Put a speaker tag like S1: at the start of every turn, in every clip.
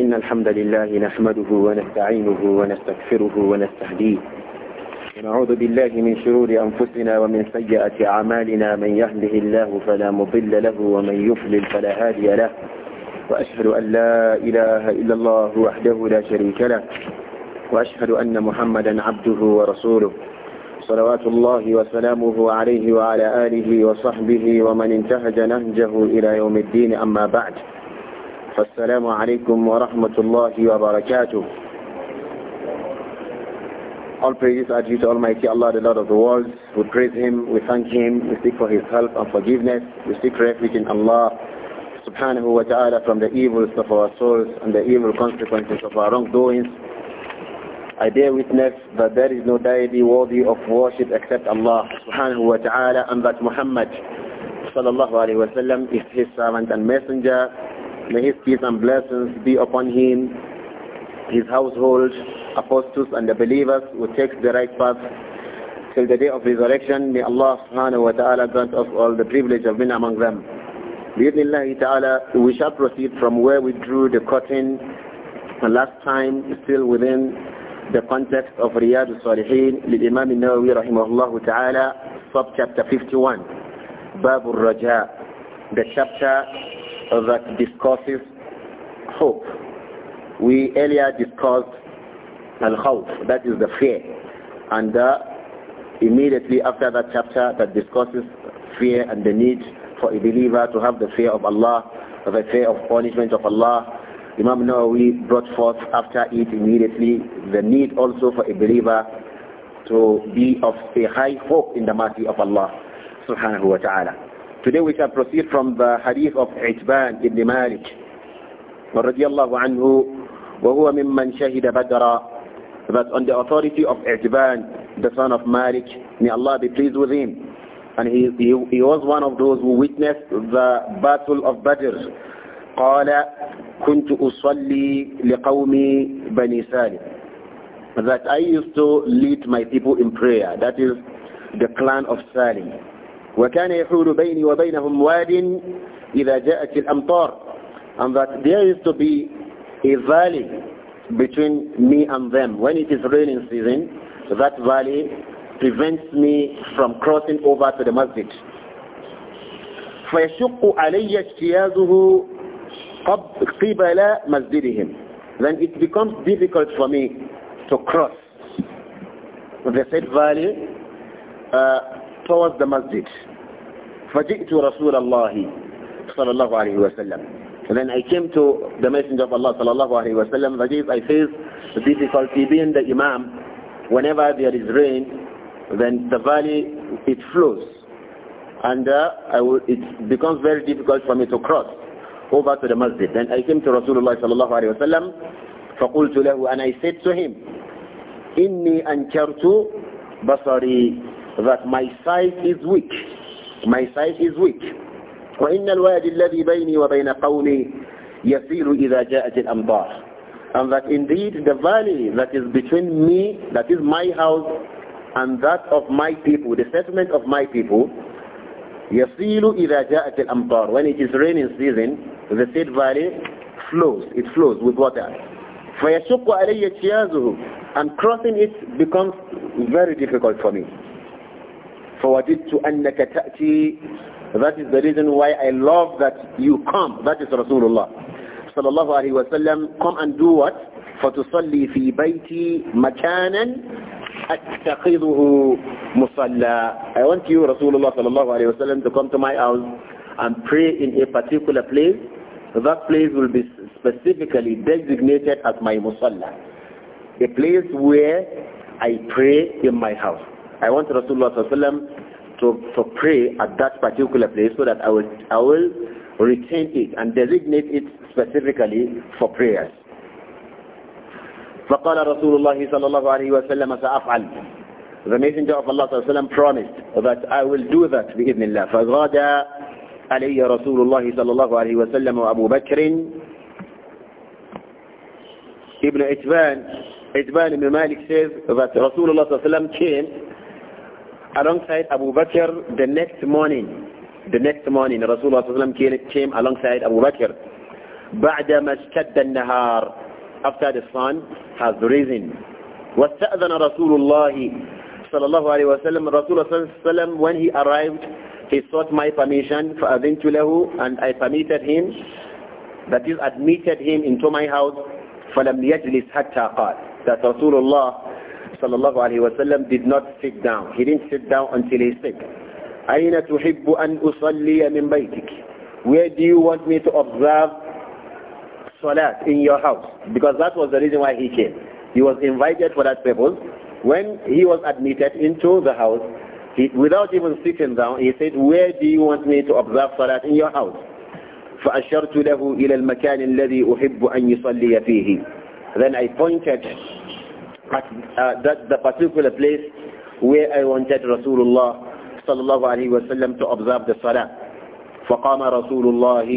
S1: إن الحمد لله نحمده ونستعينه ونستغفره ونستهديه ونعوذ بالله من شرور أنفسنا ومن سيئة أعمالنا من يهده الله فلا مضل له ومن يفلل فلا هادي له وأشهد أن لا إله إلا الله وحده لا شريك له وأشهد أن محمدا عبده ورسوله صلوات الله وسلامه عليه وعلى آله وصحبه ومن انتهج نهجه إلى يوم الدين أما بعد السلام عليكم ورحمة الله وبركاته All praises are due to Almighty Allah, the Lord of the worlds. We praise Him, we thank Him, we seek for His help and forgiveness, we seek refuge in Allah subhanahu wa ta'ala from the evils of our souls and the evil consequences of our wrongdoings. I bear witness that there is no deity worthy of worship except Allah subhanahu wa ta'ala and that Muhammad sallallahu alayhi wa sallam is his servant and messenger May his peace and blessings be upon him, his household, apostles and the believers who take the right path till the day of resurrection. May Allah subhanahu wa ta'ala grant us all the privilege of being among them. ta'ala, we shall proceed from where we drew the curtain the last time, still within the context of Riyadh al-Salihin, للإمام النووي رحمه الله taala, sub-chapter 51, Bab al-Raja, the chapter that discusses hope. We earlier discussed al-khawf, that is the fear, and uh, immediately after that chapter that discusses fear and the need for a believer to have the fear of Allah, the fear of punishment of Allah. Imam Nawawi brought forth after it immediately the need also for a believer to be of a high hope in the mercy of Allah subhanahu wa ta'ala. Today we shall proceed from the hadith of عتبان ibn Malik رضي الله عنه وهو ممن شهد بدرا that on the authority of I'tiban, the son of Malik, may Allah be pleased with him. And he, he, he was one of those who witnessed the battle of Badr. قال كنت أصلي لقومي بني سالم that I used to lead my people in prayer that is the clan of Salim وكان يحول بيني وبينهم واد إذا جاءت الأمطار and that there used to be a valley between me and them when it is raining season that valley prevents me from crossing over to the masjid فيشق علي اجتيازه قبل مسجدهم then it becomes difficult for me to cross the said valley uh, towards the masjid. فَجِئْتُ رَسُولَ اللَّهِ صلى الله عليه وسلم. And then I came to the Messenger of Allah صلى الله عليه وسلم. That is I face the difficulty being the Imam. Whenever there is rain, then the valley, it flows. And uh, I will, it becomes very difficult for me to cross over to the masjid. Then I came to Rasulullah صلى الله عليه وسلم فَقُلْتُ لَهُ And I said to him, إِنِّي أَنْكَرْتُ بَصَرِي that my sight is weak. My sight is weak. وإن الوادي الذي بيني وبين قومي يسير إذا جاءت الأمطار. And that indeed the valley that is between me, that is my house, and that of my people, the settlement of my people, يسيل إذا جاءت الأمطار. When it is raining season, the said valley flows. It flows with water. فيشق علي اجتيازه. And crossing it becomes very difficult for me. فَوَجِدْتُ أَنَّكَ تَأْتِي That is the reason why I love that you come. That is Rasulullah. Sallallahu alayhi wa Come and do what? فَتُصَلِّي فِي بَيْتِي مَكَانًا أَتَّخِذُهُ مُصَلَّى I want you, Rasulullah sallallahu alayhi wa to come to my house and pray in a particular place. That place will be specifically designated as my musalla. A place where I pray in my house. I want Rasulullah sallam to, to pray at that particular place so that I will, I will retain it and designate it specifically for prayers. فقال رسول الله صلى الله عليه وسلم سأفعل The Messenger of Allah صلى الله عليه وسلم promised that I will do that بإذن الله فغدا علي رسول الله صلى الله عليه وسلم وأبو بكر ابن عتبان عتبان بن مالك says that رسول الله صلى الله عليه وسلم came alongside Abu Bakr the next morning. The next morning, Rasulullah ﷺ came alongside Abu Bakr. بعدما اشتد النهار after the sun has risen. واستأذن رسول الله صلى الله عليه وسلم رسول صلى الله عليه وسلم when he arrived he sought my permission فأذنت له and I permitted him that is admitted him into my house فلم يجلس حتى قال that رسول الله sallallahu alayhi wasallam did not sit down. He didn't sit down until he said, أين تحب أن أصلي من بيتك? Where do you want me to observe salat in your house? Because that was the reason why he came. He was invited for that purpose. When he was admitted into the house, he, without even sitting down, he said, where do you want me to observe salat in your house? فأشرت له إلى المكان الذي أحب أن يصلي فيه. Then I pointed at uh, that the particular place where I wanted Rasulullah sallallahu to observe the salah. فقام رسول الله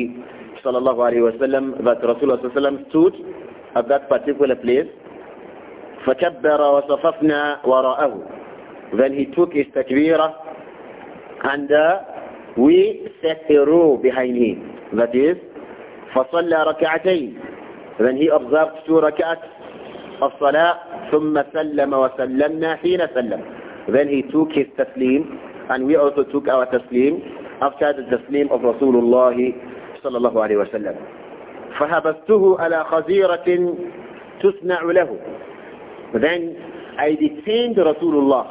S1: صلى الله عليه وسلم that Rasulullah صلى الله عليه وسلم stood at that particular place فكبر وصففنا وراءه then he took his takbirah and uh, we set a row behind him that is فصلى ركعتين then he observed two Rakats of salah ثم سلم وسلمنا حين سلم Then he took his taslim and we also took our taslim after the taslim of Rasulullah صلى الله عليه وسلم فهبسته على خزيرة تصنع له Then I detained Rasulullah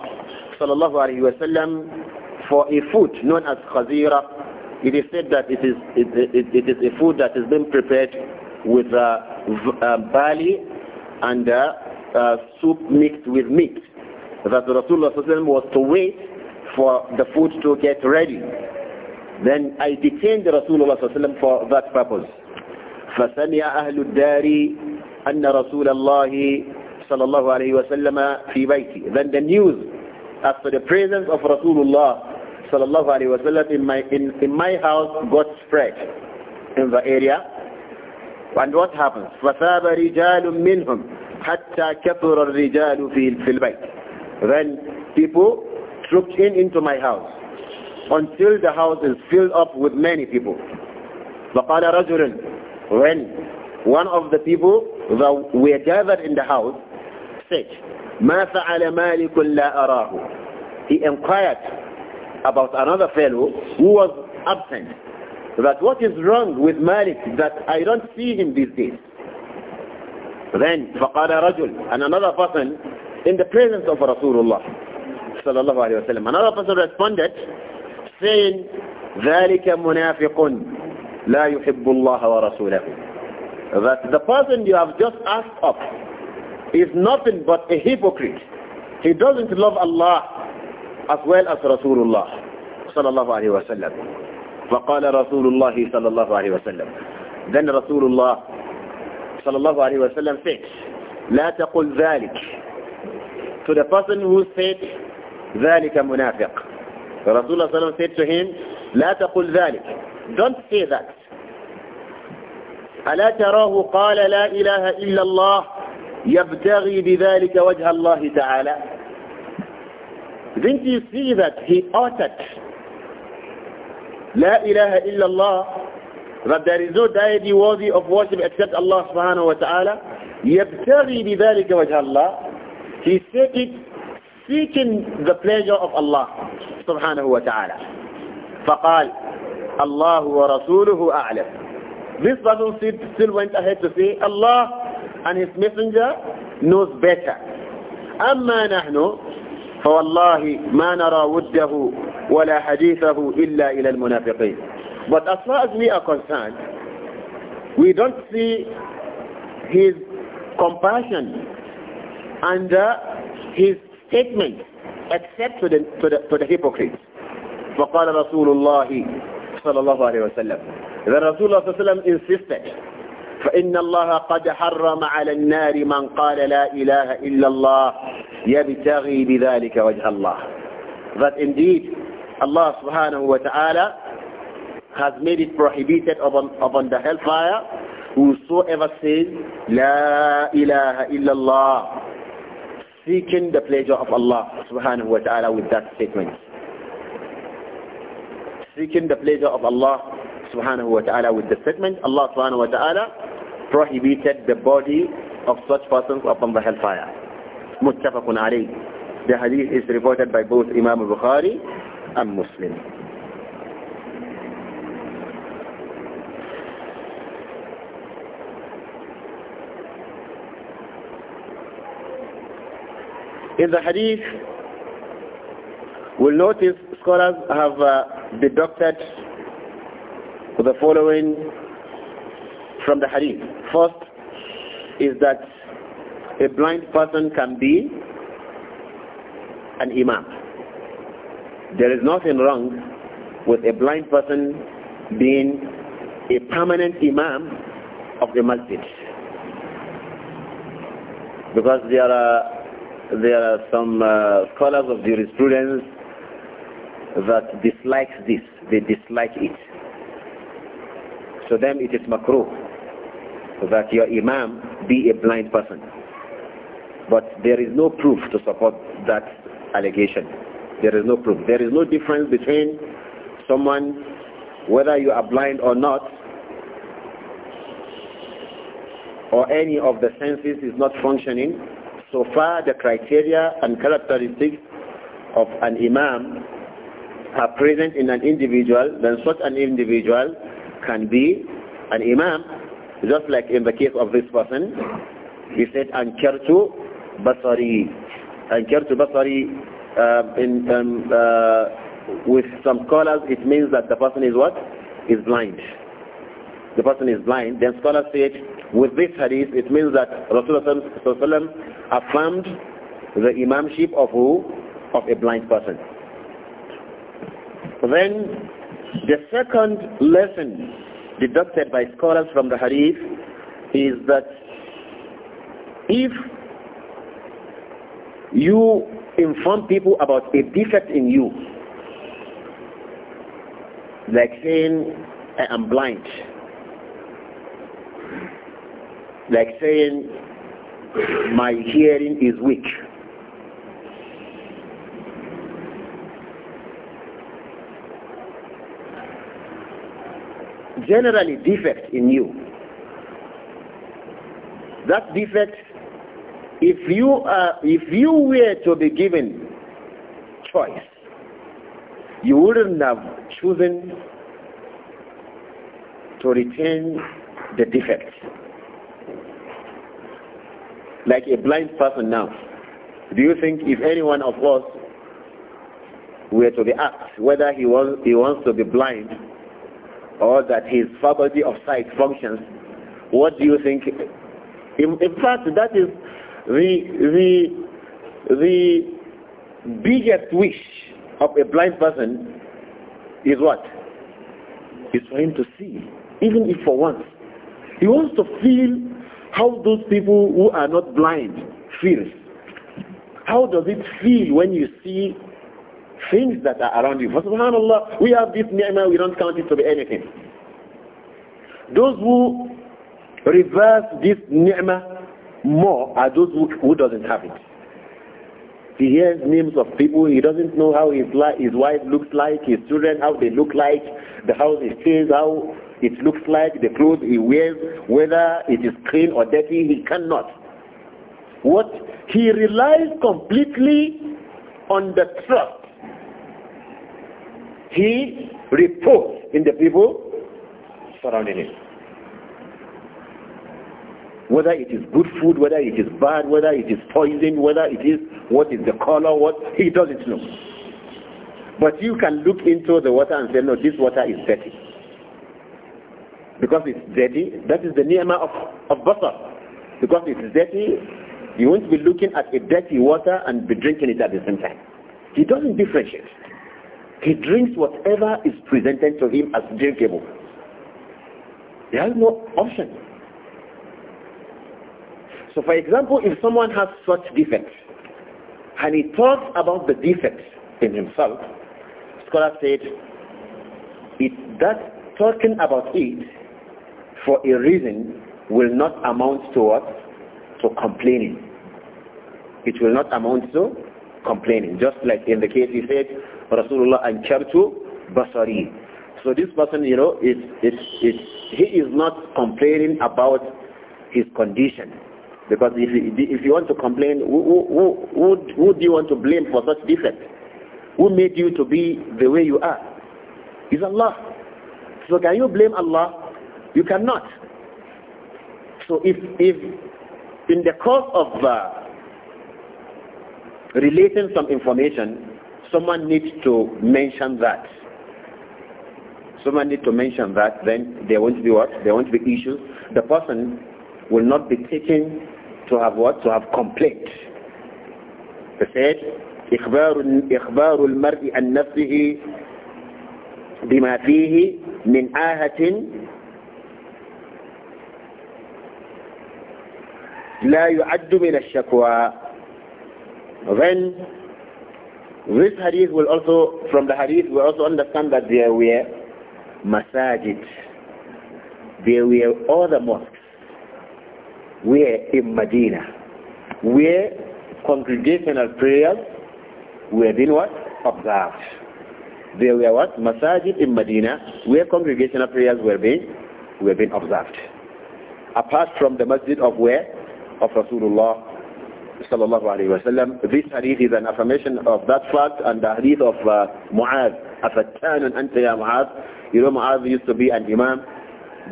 S1: صلى الله عليه وسلم for a food known as khazira. It is said that it is, it, it, it is a food that has been prepared with uh, uh, barley and uh, uh, soup mixed with meat. That Rasulullah was to wait for the food to get ready. Then I detained Rasulullah for that purpose. فسمع أهل الدار أن رسول الله صلى الله عليه وسلم في بيتي. Then the news as to the presence of Rasulullah sallallahu alaihi wasallam in my in, in my house got spread in the area. And what happens? فَثَابَ رِجَالٌ مِّنْهُمْ hatta kathura rijalu fil bayt. Then people trooped in into my house until the house is filled up with many people. فقال رجل when one of the people that were gathered in the house said ما فعل مالك لا أراه he inquired about another fellow who was absent that what is wrong with Malik that I don't see him these days then, فَقَالَ رَجُلٌ And another person in the presence of Rasulullah sallallahu alayhi wa sallam. Another person responded saying, ذَلِكَ مُنَافِقٌ لَا يُحِبُّ اللَّهَ وَرَسُولَهُ That the person you have just asked of is nothing but a hypocrite. He doesn't love Allah as well as Rasulullah sallallahu alayhi wa sallam. فقال رسول الله صلى الله عليه وسلم Then Rasulullah صلى الله عليه وسلم said لا تقل ذلك to the person who said ذلك منافق رسول الله صلى الله عليه وسلم said to him لا تقل ذلك don't say that ألا تراه قال لا إله إلا الله يبتغي بذلك وجه الله تعالى didn't you see that he uttered لا إله إلا الله But there is no deity worthy of worship except Allah subhanahu wa ta'ala يبتغي بذلك وجه الله he said it seeking the pleasure of Allah subhanahu wa ta'ala فقال الله ورسوله أعلم this person still went ahead to say Allah and his messenger knows better أما نحن فوالله ما نرى وده ولا حديثه إلا إلى المنافقين But as far as we are concerned, we don't see his compassion under uh, his statement except to the, to the, to the hypocrites. فقال رسول الله صلى الله عليه وسلم إذا رسول الله صلى الله عليه وسلم insisted فإن الله قد حرم على النار من قال لا إله إلا الله يبتغي بذلك وجه الله that indeed Allah subhanahu wa ta'ala has made it prohibited upon, um, upon the hellfire. Whosoever says, La ilaha illallah, seeking the pleasure of Allah subhanahu wa ta'ala with that statement. Seeking the pleasure of Allah subhanahu wa ta'ala with the statement, Allah subhanahu wa ta'ala prohibited the body of such persons upon the hellfire. Muttafaqun alayh. The hadith is reported by both Imam Bukhari and Muslim. In the hadith, we'll notice scholars have uh, deducted the following from the hadith. First is that a blind person can be an imam. There is nothing wrong with a blind person being a permanent imam of the masjid. Because there are there are some uh, scholars of jurisprudence that dislike this. They dislike it. So, them it is makro that your imam be a blind person. But there is no proof to support that allegation. There is no proof. There is no difference between someone, whether you are blind or not, or any of the senses is not functioning, so far, the criteria and characteristics of an imam are present in an individual, then such an individual can be an imam, just like in the case of this person. He said, Ankartu Basari. Ankartu Basari, uh, in, um, uh, with some scholars, it means that the person is what? Is blind. The person is blind. Then scholars said, with this hadith, it means that Rasulullah affirmed the imamship of who? Of a blind person. Then, the second lesson deducted by scholars from the hadith is that if you inform people about a defect in you, like saying, I am blind, like saying my hearing is weak. Generally defect in you. That defect, if you, are, if you were to be given choice, you wouldn't have chosen to retain the defect like a blind person now, do you think if any one of us were to be asked whether he wants, he wants to be blind or that his faculty of sight functions, what do you think? In, in fact, that is the, the, the biggest wish of a blind person is what? Is for him to see, even if for once. He wants to feel how those people who are not blind feel. How does it feel when you see things that are around you? For subhanAllah, we have this ni'mah, we don't count it to be anything. Those who reverse this ni'mah more are those who, who doesn't have it. He hears names of people, he doesn't know how his, his wife looks like, his children, how they look like, the house he stays, how it looks like, the clothes he wears, whether it is clean or dirty, he cannot. What he relies completely on the trust. He reports in the people surrounding him. Whether it is good food, whether it is bad, whether it is poison, whether it is what is the color, what he doesn't know. But you can look into the water and say, no, this water is dirty because it's dirty. That is the ni'mah of, of basar. Because it's dirty, you won't be looking at a dirty water and be drinking it at the same time. He doesn't differentiate. He drinks whatever is presented to him as drinkable. He has no option. So for example, if someone has such defects, and he talks about the defects in himself, scholar said, it, that talking about it for a reason will not amount to what? To complaining. It will not amount to complaining. Just like in the case he said, Rasulullah Ankartu Basari. So this person, you know, is, is, is, he is not complaining about his condition. Because if you, if you want to complain, who, who, who, who do you want to blame for such defect? Who made you to be the way you are? It's Allah. So can you blame Allah you cannot. So if, if in the course of uh, relating some information, someone needs to mention that. Someone needs to mention that, then there won't be what? There won't be issues. The person will not be taken to have what? To have complaint. They said, إخبار إخبار المرء عن نفسه بما فيه من آهة لا يعد من shakwa. then this hadith will also from the hadith we also understand that there were masajid there were other mosques where in Medina where congregational prayers were being what? observed there were what? masajid in Medina where congregational prayers were being were being observed apart from the masjid of where? of Rasulullah sallallahu alayhi wa sallam. This hadith is an affirmation of that fact and the hadith of uh, Mu'adh. أَفَتَّانٌ أَنْتَ يَا Mu'ad, You know Mu'ad used to be an imam,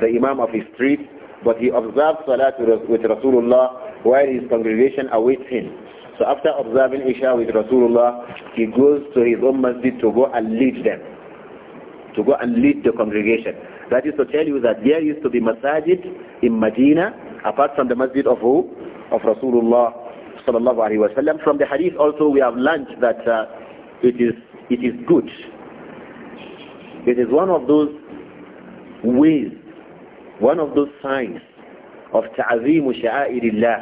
S1: the imam of his street, but he observed salat with Rasulullah while his congregation awaits him. So after observing Isha with Rasulullah, he goes to his own masjid to go and lead them, to go and lead the congregation. That is to tell you that there used to be masajid in Medina apart from the masjid of who? Of Rasulullah sallallahu alaihi From the hadith also we have learned that uh, it is it is good. It is one of those ways, one of those signs of ta'zeem sha'irillah,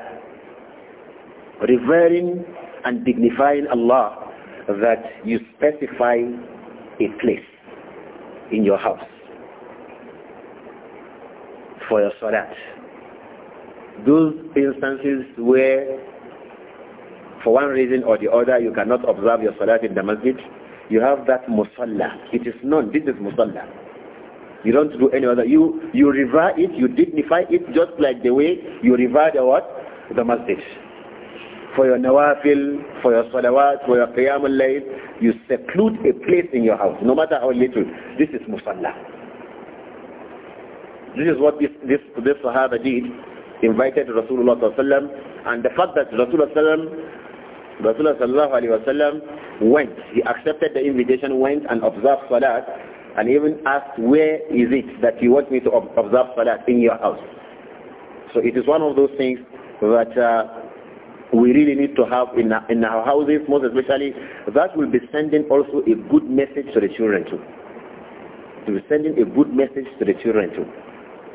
S1: revering and dignifying Allah that you specify a place in your house for your salat those instances where for one reason or the other you cannot observe your salat in the masjid, you have that musalla. It is known. This is musalla. You don't do any other. You you revere it, you dignify it just like the way you revere the what? The masjid. For your nawafil, for your salawat, for your qiyam al-layl, you seclude a place in your house, no matter how little. This is musalla. This is what this, this, this Sahaba did invited Rasulullah sallam and the fact that Rasulullah sallallahu alaihi wasallam went. He accepted the invitation, went and observed salat, and even asked, "Where is it that you want me to observe salat in your house?" So it is one of those things that uh, we really need to have in our, in our houses, most especially. That will be sending also a good message to the children too. To be sending a good message to the children too.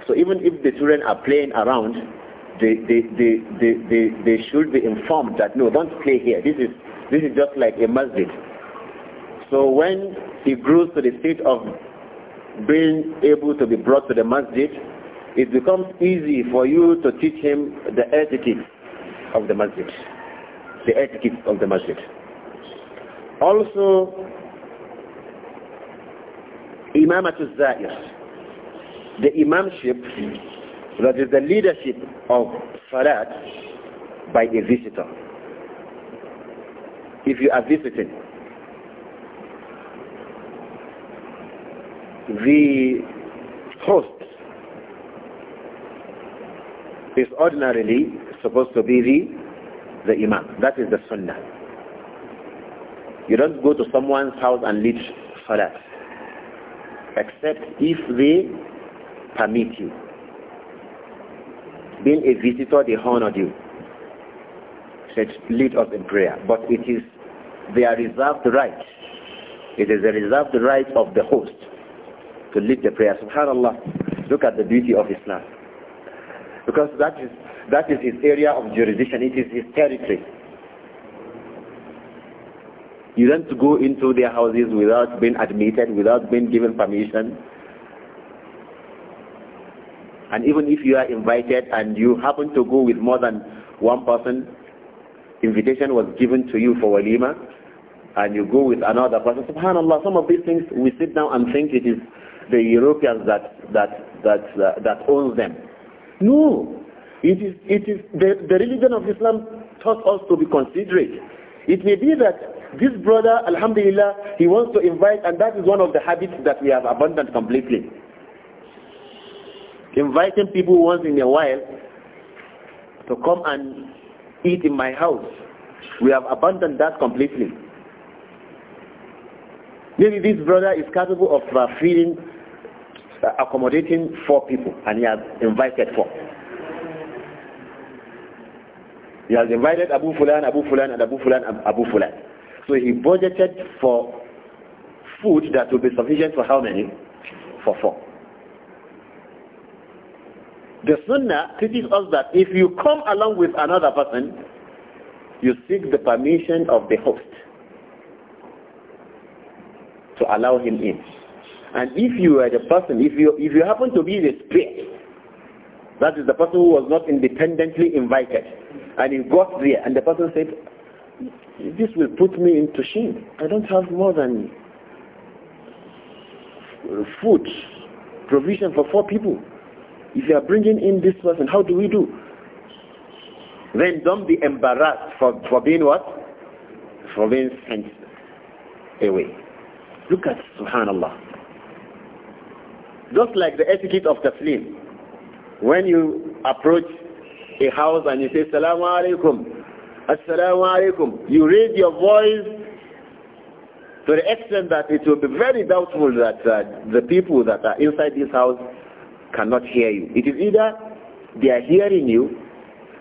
S1: So even if the children are playing around, they, they, they, they, they, they should be informed that, no, don't play here. This is, this is just like a masjid. So when he grows to the state of being able to be brought to the masjid, it becomes easy for you to teach him the etiquette of the masjid. The etiquette of the masjid. Also, Imamatul Zair the imamship, that is the leadership of salat by a visitor. If you are visiting, the host is ordinarily supposed to be the, the imam. That is the sunnah. You don't go to someone's house and lead salat except if they permit you. Being a visitor, they honored you. Said, lead us in prayer. But it is their reserved right. It is the reserved right of the host to lead the prayer. Subhanallah. Look at the beauty of Islam. Because that is, that is his area of jurisdiction. It is his territory. You don't go into their houses without being admitted, without being given permission, and even if you are invited and you happen to go with more than one person, invitation was given to you for walima, and you go with another person. Subhanallah, some of these things we sit down and think it is the Europeans that that that uh, that owns them. No, it is it is the, the religion of Islam taught us to be considerate. It may be that this brother, Alhamdulillah, he wants to invite, and that is one of the habits that we have abandoned completely inviting people once in a while to come and eat in my house. We have abandoned that completely. Maybe this brother is capable of uh, feeding, uh, accommodating four people, and he has invited four. He has invited Abu Fulan, Abu Fulan, and Abu Fulan, and Abu Fulan. So he budgeted for food that will be sufficient for how many? For four. The Sunnah teaches us that if you come along with another person, you seek the permission of the host to allow him in. And if you are the person, if you, if you happen to be the spirit, that is the person who was not independently invited, and he got there, and the person said, this will put me into shame. I don't have more than food, provision for four people. If you are bringing in this person, how do we do? Then don't be embarrassed for, for being what? For being sent away. Look at subhanallah. Just like the etiquette of taslim. When you approach a house and you say, Salaam alaikum, Assalamu alaikum, you raise your voice to the extent that it will be very doubtful that uh, the people that are inside this house cannot hear you. It is either they are hearing you,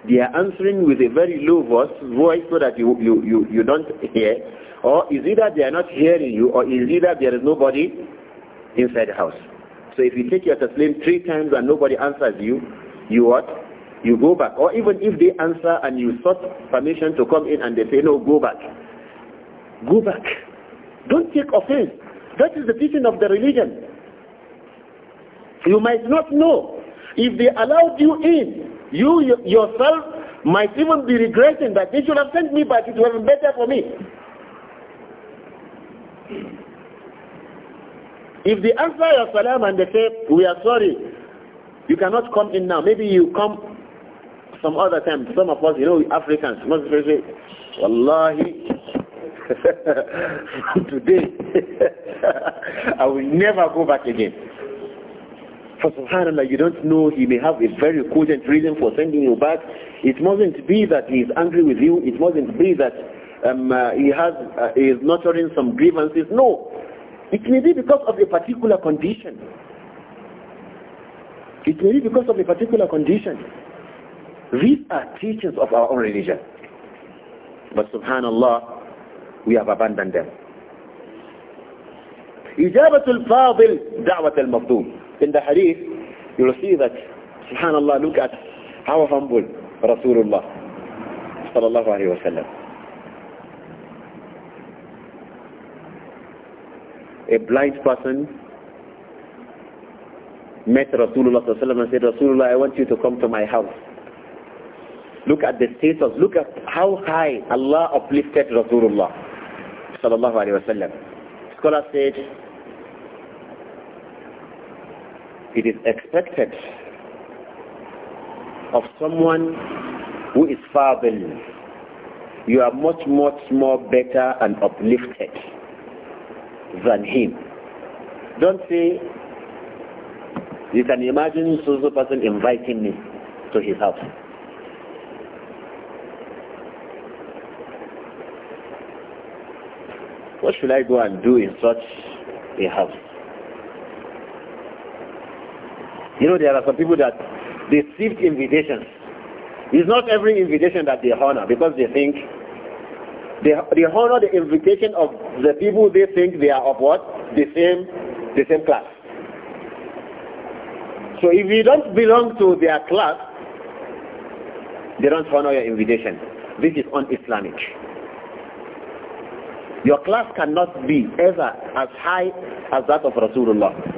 S1: they are answering with a very low voice, voice so that you, you, you, you don't hear, or is either they are not hearing you, or is either there is nobody inside the house. So if you take your taslim three times and nobody answers you, you what? You go back. Or even if they answer and you sought permission to come in and they say, no, go back. Go back. Don't take offense. That is the teaching of the religion. You might not know. If they allowed you in, you yourself might even be regretting that they should have sent me back. It would have been better for me. If they answer your salam and they say, we are sorry, you cannot come in now. Maybe you come some other time. Some of us, you know, Africans, most especially, Wallahi, today, I will never go back again. For subhanAllah, you don't know, he may have a very cogent reason for sending you back. It mustn't be that he is angry with you. It mustn't be that um, uh, he has uh, is nurturing some grievances. No. It may be because of a particular condition. It may be because of a particular condition. These are teachings of our own religion. But subhanAllah, we have abandoned them. إجابة الفاضل دعوة المفضول in the hadith, you will see that, subhanAllah, look at how humble Rasulullah sallallahu alayhi wa sallam. A blind person met Rasulullah sallallahu alayhi wa sallam and said, Rasulullah, I want you to come to my house. Look at the status. Look at how high Allah uplifted Rasulullah sallallahu alayhi wa sallam. Scholar said, it is expected of someone who is far You are much, much more better and uplifted than him. Don't say, you can imagine so person inviting me to his house. What should I go and do in such a house? You know, there are some people that received invitations. It's not every invitation that they honor because they think they, they honor the invitation of the people they think they are of what? The same, the same class. So if you don't belong to their class, they don't honor your invitation. This is un-Islamic. Your class cannot be ever as high as that of Rasulullah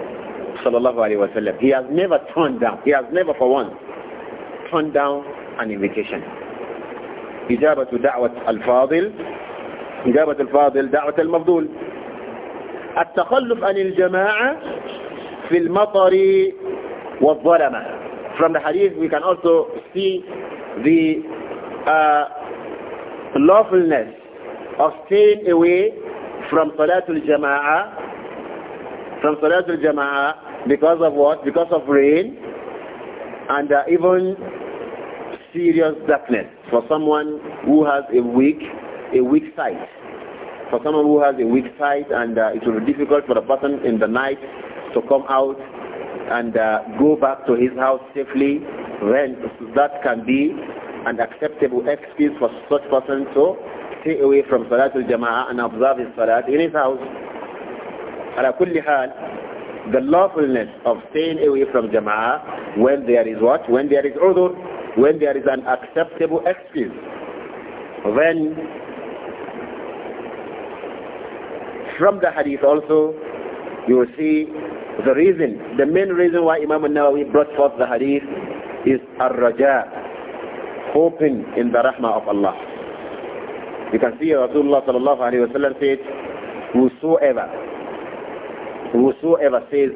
S1: sallallahu عليه وسلم He has never turned down, he has never for once turned down an invitation. إجابة دعوة الفاضل إجابة الفاضل دعوة المفضول التخلف عن الجماعة في المطر والظلمة From the hadith we can also see the uh, lawfulness of staying away from Salatul Jama'ah from Salatul Jama'ah Because of what? Because of rain and uh, even serious darkness for someone who has a weak, a weak sight. For someone who has a weak sight and uh, it will be difficult for the person in the night to come out and uh, go back to his house safely, then that can be an acceptable excuse for such person to stay away from Salatul Jama'ah and observe his Salat in his house. على كل حال the lawfulness of staying away from jama'ah when there is what? When there is udhur, when there is an acceptable excuse. When from the hadith also, you will see the reason, the main reason why Imam al-Nawawi brought forth the hadith is ar-raja, hoping in the rahmah of Allah. You can see Rasulullah sallallahu alayhi wa sallam said, whosoever whosoever says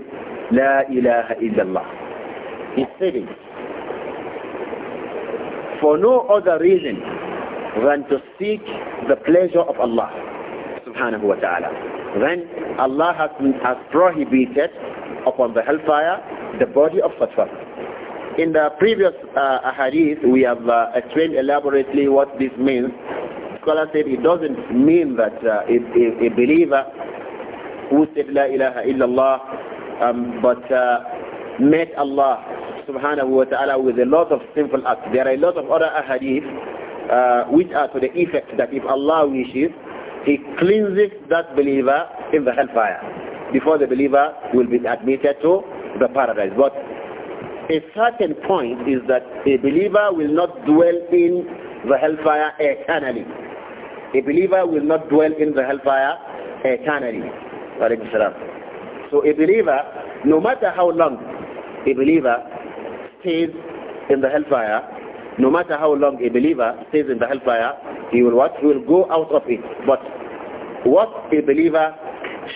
S1: La ilaha illallah is saving for no other reason than to seek the pleasure of Allah subhanahu wa ta'ala. Then Allah has, has prohibited upon the hellfire the body of such In the previous uh, hadith, we have uh, explained elaborately what this means. Scholar said it doesn't mean that uh, a, a believer who said La ilaha illallah um, but uh, met Allah subhanahu wa ta'ala with a lot of simple acts. There are a lot of other ahadith uh, which are to the effect that if Allah wishes, He cleanses that believer in the hellfire before the believer will be admitted to the paradise. But a certain point is that a believer will not dwell in the hellfire eternally. A believer will not dwell in the hellfire eternally. So a believer, no matter how long a believer stays in the hellfire, no matter how long a believer stays in the hellfire, he will what? He will go out of it. But what a believer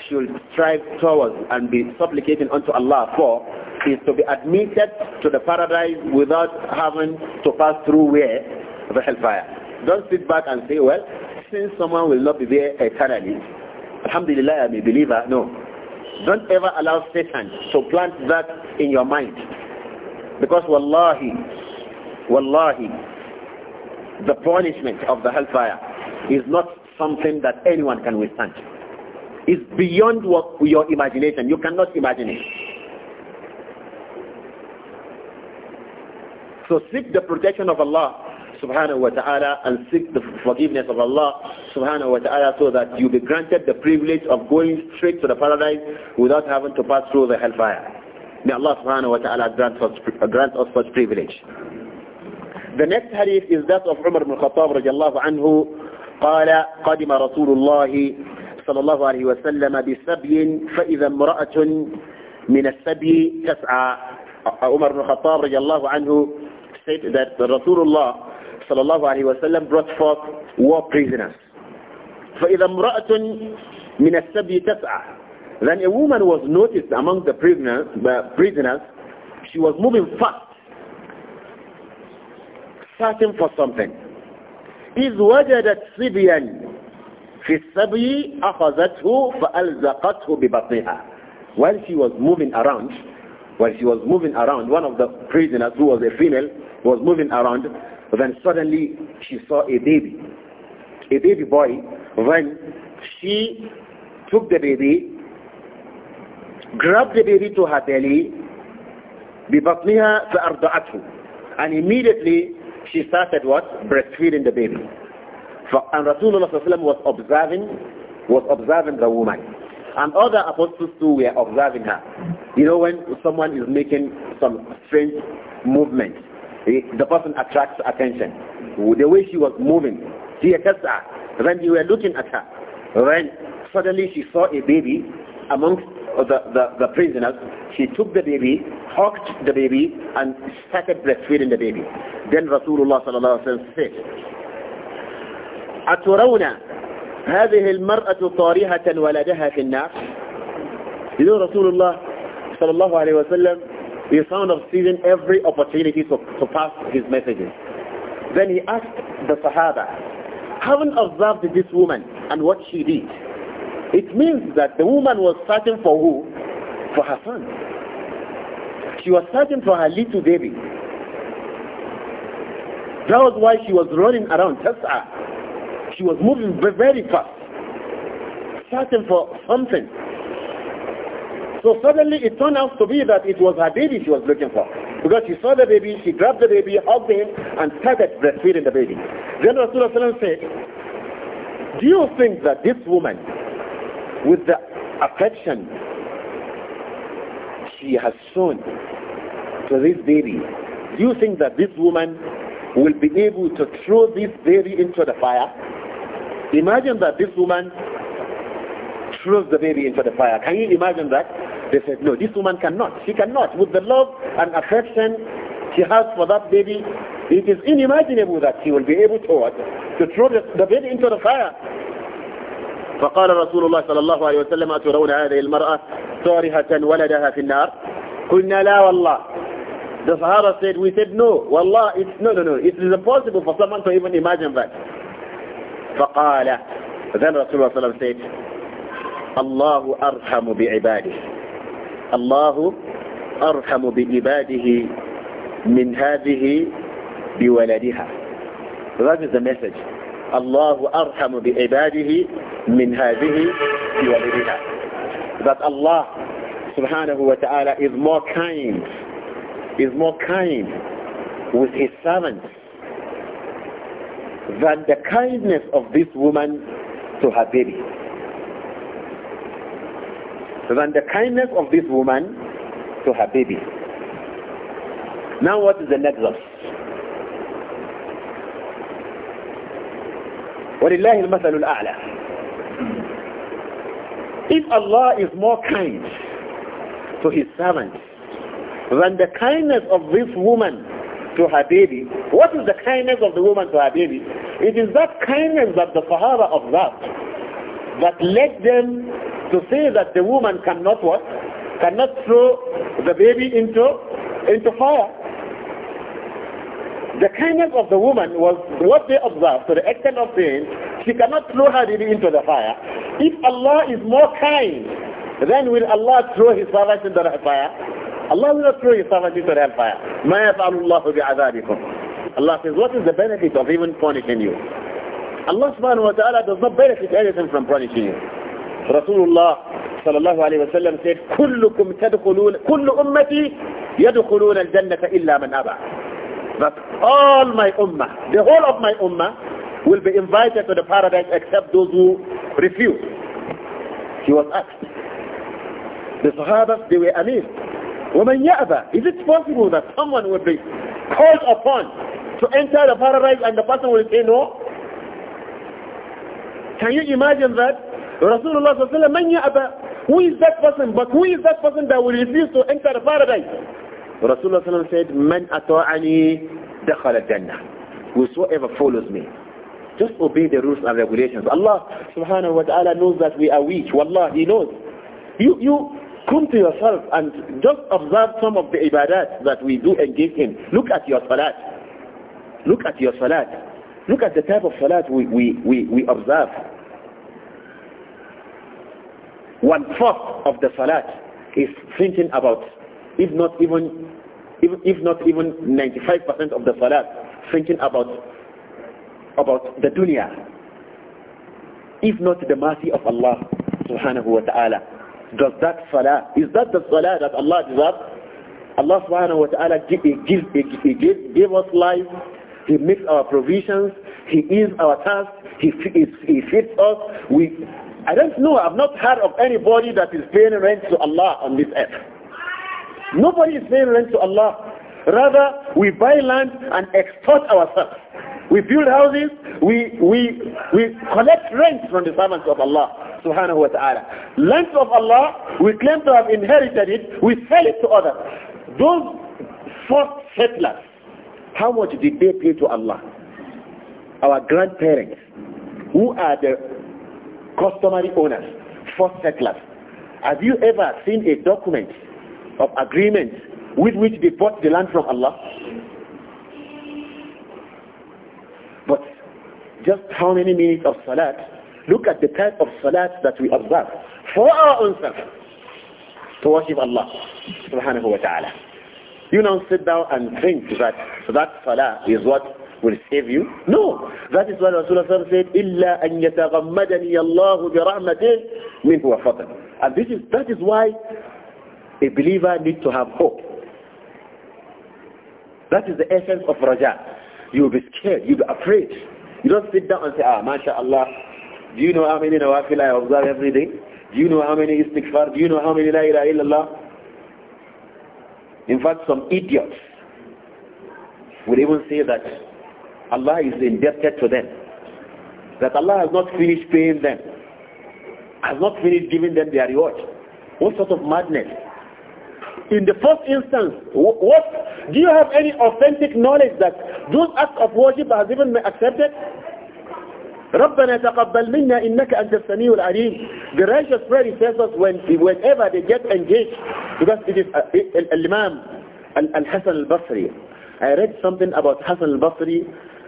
S1: should strive towards and be supplicating unto Allah for is to be admitted to the paradise without having to pass through where? The hellfire. Don't sit back and say, well, since someone will not be there eternally, alhamdulillah, I'm a believer. No. Don't ever allow Satan to plant that in your mind. Because wallahi, wallahi, the punishment of the hellfire is not something that anyone can withstand. It's beyond what your imagination. You cannot imagine it. So seek the protection of Allah subhanahu wa ta'ala and seek the forgiveness of Allah subhanahu wa ta'ala so that you be granted the privilege of going straight to the paradise without having to pass through the hellfire. May Allah subhanahu wa ta'ala grant us, grant us such privilege. The next hadith is that of Umar ibn Khattab radiallahu anhu قال قدم رسول الله صلى الله عليه وسلم بسبي فإذا امرأة من السبي تسعى عمر بن الخطاب رضي الله عنه said that Rasulullah sallallahu wasallam brought forth war prisoners. فَإِذَا امْرَأَةٌ مِنَ السَّبْيِ تَسْعَى Then a woman was noticed among the prisoners, the prisoners. She was moving fast, searching for something. إِذْ وَجَدَتْ صِبْيًا فِي السَّبْيِ أَخَذَتْهُ فَأَلْزَقَتْهُ بِبَطْنِهَا While she was moving around, while she was moving around, one of the prisoners who was a female was moving around, but then suddenly she saw a baby, a baby boy. When she took the baby, grabbed the baby to her belly, ببطنها فأرضعته and immediately she started what? Breastfeeding the baby. And Rasulullah was observing, was observing the woman. And other apostles too were observing her. You know when someone is making some strange movements, See, eh, the person attracts attention. The way she was moving, uh, when you were looking at her, when suddenly she saw a baby amongst the, the, the prisoners, she took the baby, hugged the baby, and started breastfeeding the baby. Then Rasulullah sallallahu alaihi wasallam said, أترون هذه المرأة طارحة ولدها في النار؟ You know Rasulullah sallallahu alaihi wasallam the sound of seizing every opportunity to, to pass his messages. Then he asked the Sahaba, having observed this woman and what she did, it means that the woman was searching for who? For her son. She was searching for her little baby. That was why she was running around, Tas'a. Uh, she was moving very fast, searching for something so suddenly it turned out to be that it was her baby she was looking for. Because she saw the baby, she grabbed the baby, hugged him, and started breastfeeding the baby. Then Rasulullah said, do you think that this woman, with the affection she has shown to this baby, do you think that this woman will be able to throw this baby into the fire? Imagine that this woman throws the baby into the fire. Can you imagine that? They said, no, this woman cannot. She cannot. With the love and affection she has for that baby, it is unimaginable that she will be able to, to throw the, the baby into the fire. فقال رسول الله صلى الله عليه وسلم أترون هذه المرأة صارحة ولدها في النار قلنا لا والله The Sahaba said, we said no, it's, no, no, no, it is impossible for someone to even imagine that. فقال Then Rasulullah said, الله أرحم بعباده الله أرحم بعباده من هذه بولدها That is the message. الله أرحم بعباده من هذه بولدها That Allah subhanahu wa ta'ala is more kind, is more kind with his servants than the kindness of this woman to her baby than the kindness of this woman to her baby. Now what is the next verse? ولله المثل الأعلى If Allah is more kind to his servant than the kindness of this woman to her baby, what is the kindness of the woman to her baby? It is that kindness that the Sahaba observed that led them to say that the woman cannot what? Cannot throw the baby into, into fire. The kindness of the woman was what they observed to the extent of saying she cannot throw her baby into the fire. If Allah is more kind, then will Allah throw his servant into the fire? Allah will not throw his servant into the fire. مَا يَفْعَلُ اللَّهُ بِعَذَابِكُمْ Allah says, what is the benefit of even punishing you? Allah subhanahu wa ta'ala does not benefit anything from punishing you. رسول الله صلى الله عليه وسلم said كلكم تدخلون كل أمتي يدخلون الجنة إلا من أبى But all my ummah the whole of my ummah will be invited to the paradise except those who refuse he was asked the Sahaba, they were amazed ومن يأبى is it possible that someone would be called upon to enter the paradise and the person will say no can you imagine that Rasulullah sallallahu man ya Aba, who is that person? But who is that person that will refuse to enter the paradise? Rasulullah sallallahu said, man ata'ani dakhala jannah. Whosoever follows me. Just obey the rules and regulations. Allah subhanahu wa ta'ala knows that we are weak. Wallah, He knows. You, you, come to yourself and just observe some of the ibadat that we do give Him. Look at your salat. Look at your salat. Look at the type of salat we, we, we, we observe. One fourth of the salat is thinking about, if not even, if, if not even 95% of the salat, thinking about, about the dunya. If not the mercy of Allah subhanahu wa ta'ala. Does that salah, is that the salah that Allah deserves? Allah subhanahu wa ta'ala give, give, give, give us life he makes our provisions. He is our task. He, he, he feeds us. We, I don't know. I've not heard of anybody that is paying rent to Allah on this earth. Nobody is paying rent to Allah. Rather, we buy land and export ourselves. We build houses, we, we, we collect rent from the servants of Allah subhanahu wa ta'ala. Land of Allah, we claim to have inherited it, we sell it to others. Those first settlers, how much did they pay to Allah? Our grandparents, who are the customary owners, first settlers. Have you ever seen a document of agreement with which they bought the land from Allah? But just how many minutes of salat? Look at the type of salat that we observe for our own self to worship Allah subhanahu wa ta'ala. You now sit down and think that that salah is what will save you? No. That is why Rasulullah said, "Illa an إِلَّا أَن يَتَغَمَّدَنِيَ اللَّهُ بِرَحْمَةٍ مِنْهُ وَفَضْلٍ And this is, that is why a believer needs to have hope. That is the essence of raja. You will be scared, you will be afraid. You don't sit down and say, ah, masha'Allah, do you know how many nawafil I observe every day? Do you know how many istighfar? Do you know how many la ilaha illallah? In fact, some idiots would even say that Allah is indebted to them. That Allah has not finished paying them. Has not finished giving them their reward. What sort of madness? In the first instance, what do you have any authentic knowledge that those acts of worship has even been accepted? ربنا تقبل منا إنك أنت السميع العليم The righteous prayer tells us when, whenever they get engaged because it is uh, Imam Al-Hassan Al-Basri I read something about Hassan Al-Basri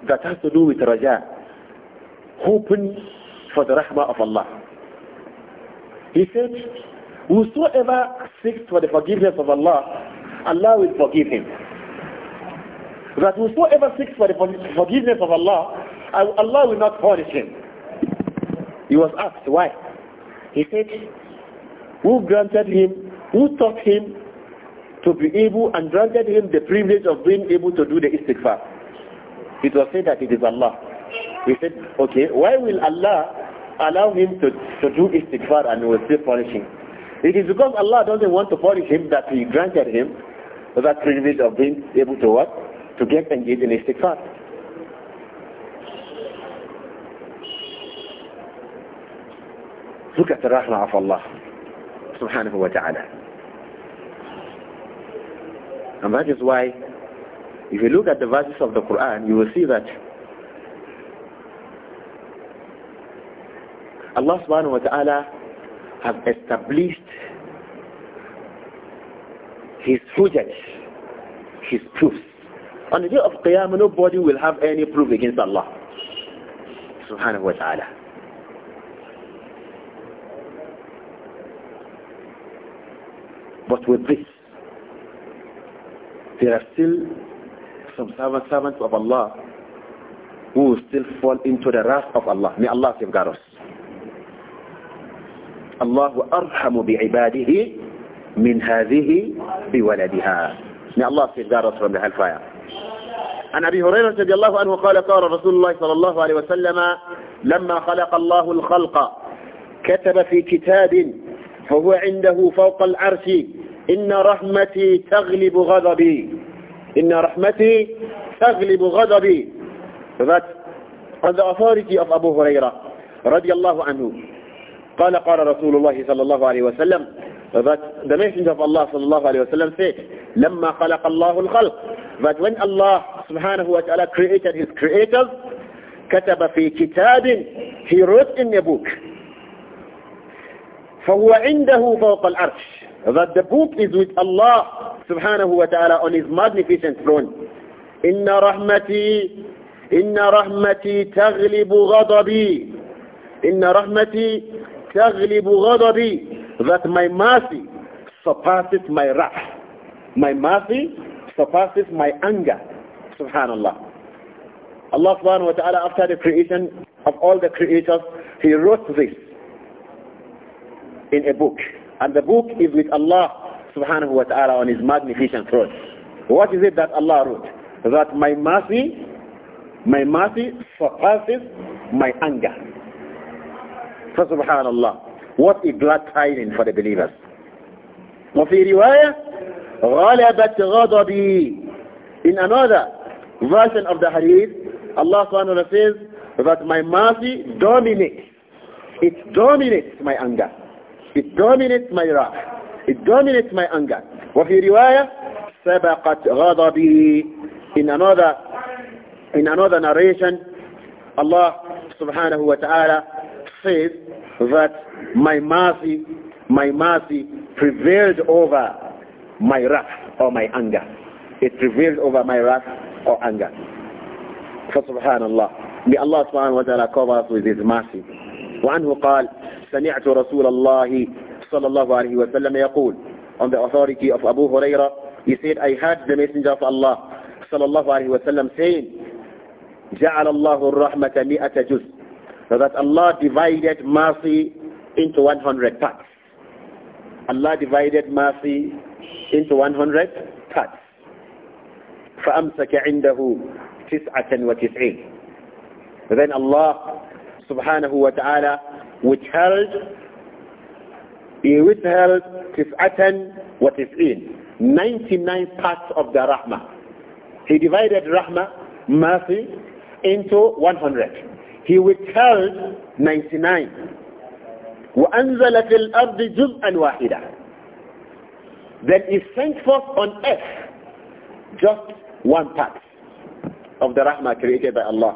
S1: that has to do with raja, hoping for the rahmah of Allah. He said, whosoever seeks for the forgiveness of Allah, Allah will forgive him. That whosoever seeks for the forgiveness of Allah, Allah will not punish him. He was asked why. He said, who granted him, who taught him to be able and granted him the privilege of being able to do the istighfar? It was said that it is Allah. We said, okay, why will Allah allow him to, to do istighfar and will still punish him? It is because Allah doesn't want to punish him that he granted him that privilege of being able to what? To get engaged in istighfar. Look at the rahmah of Allah subhanahu wa ta'ala. And that is why if you look at the verses of the Quran, you will see that Allah subhanahu wa ta'ala has established his hujjah, his proofs. On the day of Qiyamah, nobody will have any proof against Allah subhanahu wa ta'ala. But with this, there are still some servant, servants of Allah who will still fall into the wrath of Allah. May Allah safeguard us. الله أرحم بعباده من هذه بولدها May Allah safeguard us from the hellfire. عن أبي هريرة رضي الله عنه قال قال رسول الله صلى الله عليه وسلم لما خلق الله الخلق كتب في كتاب فهو عنده فوق العرش إن رحمتي تغلب غضبي إن رحمتي تغلب غضبي So that on the authority of Abu Hurairah رضي الله عنه قال قال رسول الله صلى الله عليه وسلم So that the messenger of Allah صلى الله عليه وسلم said لما خلق الله الخلق that when Allah سبحانه وتعالى created his creators كتب في كتاب he wrote in a book فهو عنده فوق العرش that the book is with Allah subhanahu wa ta'ala on his magnificent throne. إن رحمتي إن رحمتي تغلب غضبي إن رحمتي تغلب غضبي that my mercy surpasses my wrath my mercy surpasses my anger subhanallah Allah subhanahu wa ta'ala after the creation of all the creators he wrote this in a book and the book is with Allah subhanahu wa ta'ala on his magnificent throne. What is it that Allah wrote? That my mercy, my mercy surpasses my anger. For subhanallah, what a glad tidings for the believers. وفي رواية غلبت غضبي In another version of the hadith, Allah subhanahu wa ta'ala says that my mercy dominates. It dominates my anger. It dominates my wrath. It dominates my anger. وفي رواية سبقت غضبي in another in another narration Allah subhanahu wa ta'ala says that my mercy my mercy prevailed over my wrath or my anger it prevailed over my wrath or anger فسبحان subhanallah may Allah subhanahu wa ta'ala cover us with his mercy وعنه قال سمعت رسول الله صلى الله عليه وسلم يقول on the authority of Abu Huraira he said I heard the messenger of Allah صلى الله عليه وسلم saying جعل الله الرحمة مئة جزء so that Allah divided mercy into 100 parts Allah divided mercy into 100 parts فأمسك عنده تسعة وتسعين then Allah subhanahu wa ta'ala withheld he withheld tis'atan wa tis'in, 99 parts of the rahmah. He divided rahmah, mercy, into 100. He withheld 99. وأنزل في الأرض جزءا wahida. Then he sent forth on earth just one part of the rahmah created by Allah.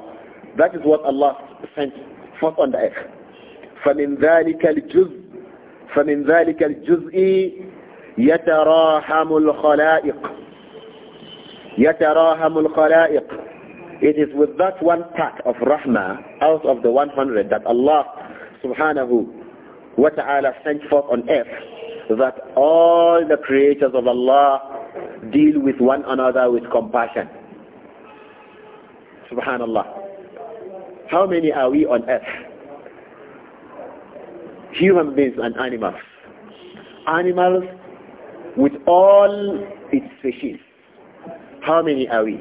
S1: That is what Allah sent forth on the earth. فمن ذلك الجزء فمن ذلك الجزء يتراحم الخلائق يتراحم الخلائق It is with that one part of rahmah out of the 100 that Allah subhanahu wa ta'ala sent forth on earth that all the creators of Allah deal with one another with compassion. Subhanallah. How many are we on earth? human beings and animals. Animals with all its species. How many are we?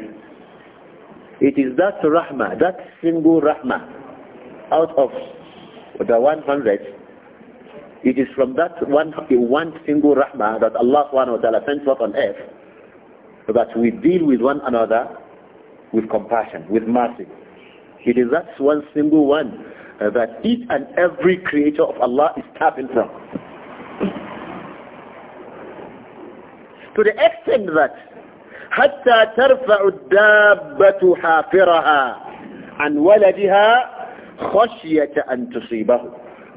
S1: It is that rahmah, that single rahmah, out of the 100, it is from that one, one single rahmah that Allah subhanahu wa ta'ala sent us on earth that we deal with one another with compassion, with mercy. It is that one single one uh, that each and every creator of Allah is tapping from. To the extent that حتى ترفع الدابة حافرها عن ولدها خشية أن تصيبه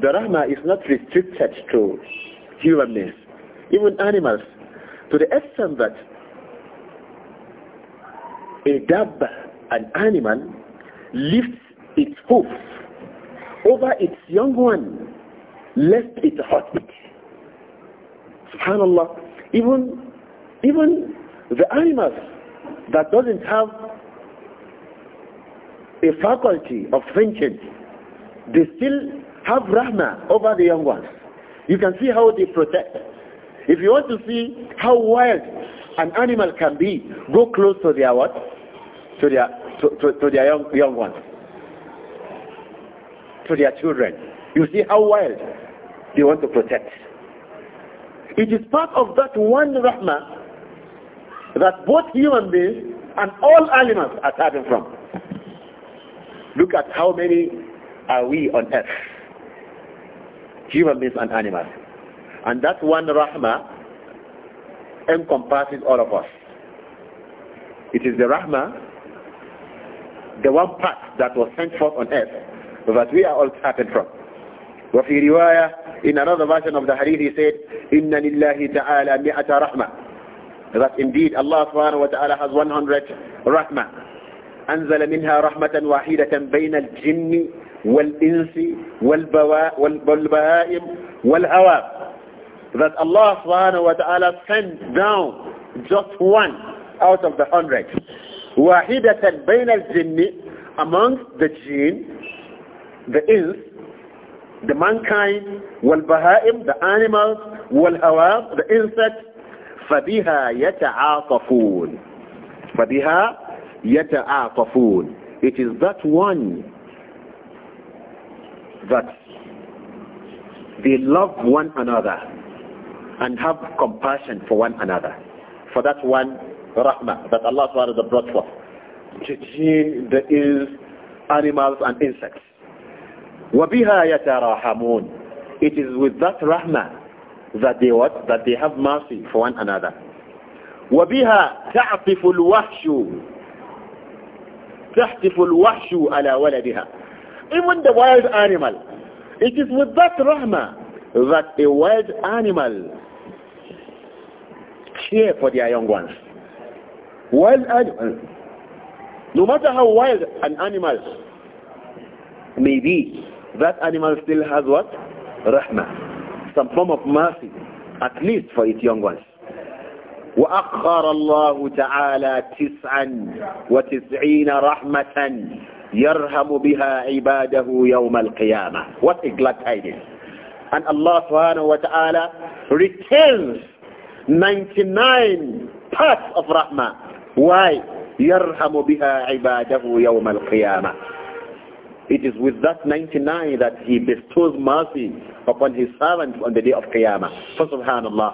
S1: The Rama is not restricted to human beings, even animals. To the extent that a dab, an animal, lifts its hoof over its young one, lest it hurt it. Subhanallah. Even, even the animals that doesn't have a faculty of vengeance, they still have rahmah over the young ones. You can see how they protect. If you want to see how wild an animal can be, go close to their what? To their, to, to, to their young, young ones to their children. You see how wild they want to protect. It is part of that one rahmah that both human beings and all animals are starting from. Look at how many are we on earth. Human beings and animals. And that one rahmah encompasses all of us. It is the rahmah, the one part that was sent forth on earth that we are all started from. وفي رواية in another version of the hadith he said إن لله تعالى مئة رحمة that indeed Allah subhanahu wa ta'ala has 100 رحمة. أنزل منها رحمة واحدة بين الجن والإنس والبهائم والعواب that Allah subhanahu wa ta'ala sent down just one out of the hundred واحدة بين الجن among the jinn the ins, the mankind, baha'im the animals, والهوام, the insects, فبها يتعاطفون فبها يتعاطفون It is that one that they love one another and have compassion for one another. For that one rahmah that Allah has brought forth. Between the is animals and insects. وَبِهَا يَتَرَاحَمُونَ It is with that rahmah that they what? That they have mercy for one another. وَبِهَا تَعْطِفُ الْوَحْشُ تَحْتِفُ الْوَحْشُ عَلَى وَلَدِهَا Even the wild animal, it is with that rahmah that a wild animal care for their young ones. Wild animal, no matter how wild an animal may be, that animal still has what? Rahmah. Some form of mercy, at least for its young ones. وأخر الله تعالى تسعا وتسعين رحمة يرحم بها عباده يوم القيامة What a glad tidings. And Allah subhanahu wa ta'ala retains 99 parts of rahmah. Why? يرحم بها عباده يوم القيامة It is with that 99 that he bestows mercy upon his servant on the day of Qiyamah. فسبحان الله.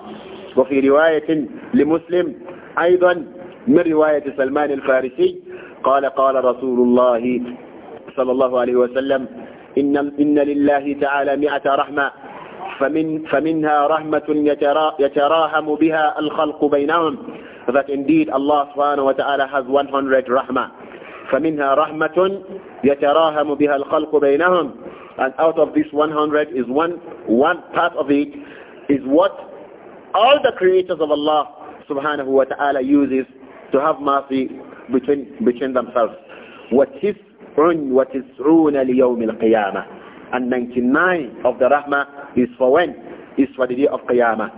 S1: وفي رواية لمسلم أيضا من رواية سلمان الفارسي قال قال رسول الله صلى الله عليه وسلم إن, إن لله تعالى مئة رحمة فمن فمنها رحمة يترا يتراهم بها الخلق بينهم that indeed Allah subhanahu wa ta'ala has 100 rahmah فمنها رحمة يتراهم بها الخلق بينهم and out of this 100 is one one part of it is what all the creators of Allah subhanahu wa ta'ala uses to have mercy between between themselves وتسعون وتسعون ليوم القيامة and 99 of the rahmah is for when? is for the day of qiyamah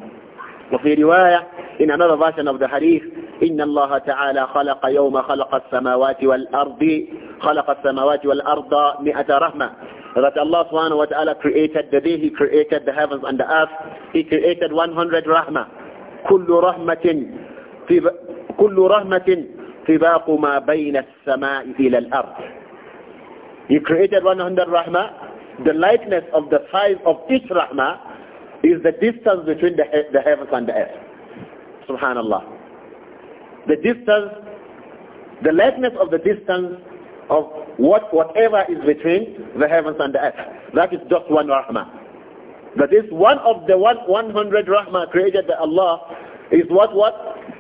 S1: وفي رواية In another version of the hadith, إن الله تعالى خلق يوم خلق السماوات والأرض خلق السماوات والأرض مئة رحمة that Allah subhanahu wa ta'ala created the day He created the heavens and the earth He created 100 رحمة كل رحمة في كل رحمة طباق ما بين السماء إلى الأرض He created 100 رحمة The likeness of the size of each رحمة is the distance between the, the heavens and the earth. Subhanallah. The distance, the lightness of the distance of what whatever is between the heavens and the earth. That is just one rahmah. That is one of the 100 rahmah created by Allah is what what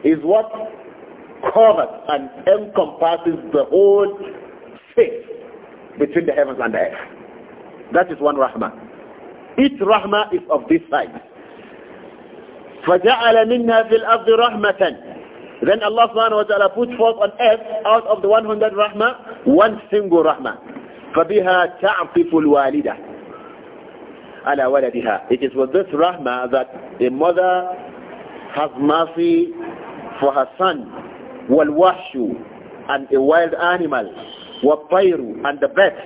S1: is what covers and encompasses the whole space between the heavens and the earth. That is one rahmah. Each rahmah is of this size. فَجَعَلَ مِنَّا فِي الْأَرْضِ رَحْمَةً Then Allah subhanahu wa ta'ala put forth on earth out of the 100 rahmah, one single rahmah. فَبِهَا تَعْطِفُ الْوَالِدَةِ عَلَى وَلَدِهَا It is with this rahmah that a mother has mercy for her son. وَالْوَحْشُ And a wild animal. وَالطَّيْرُ And the birds.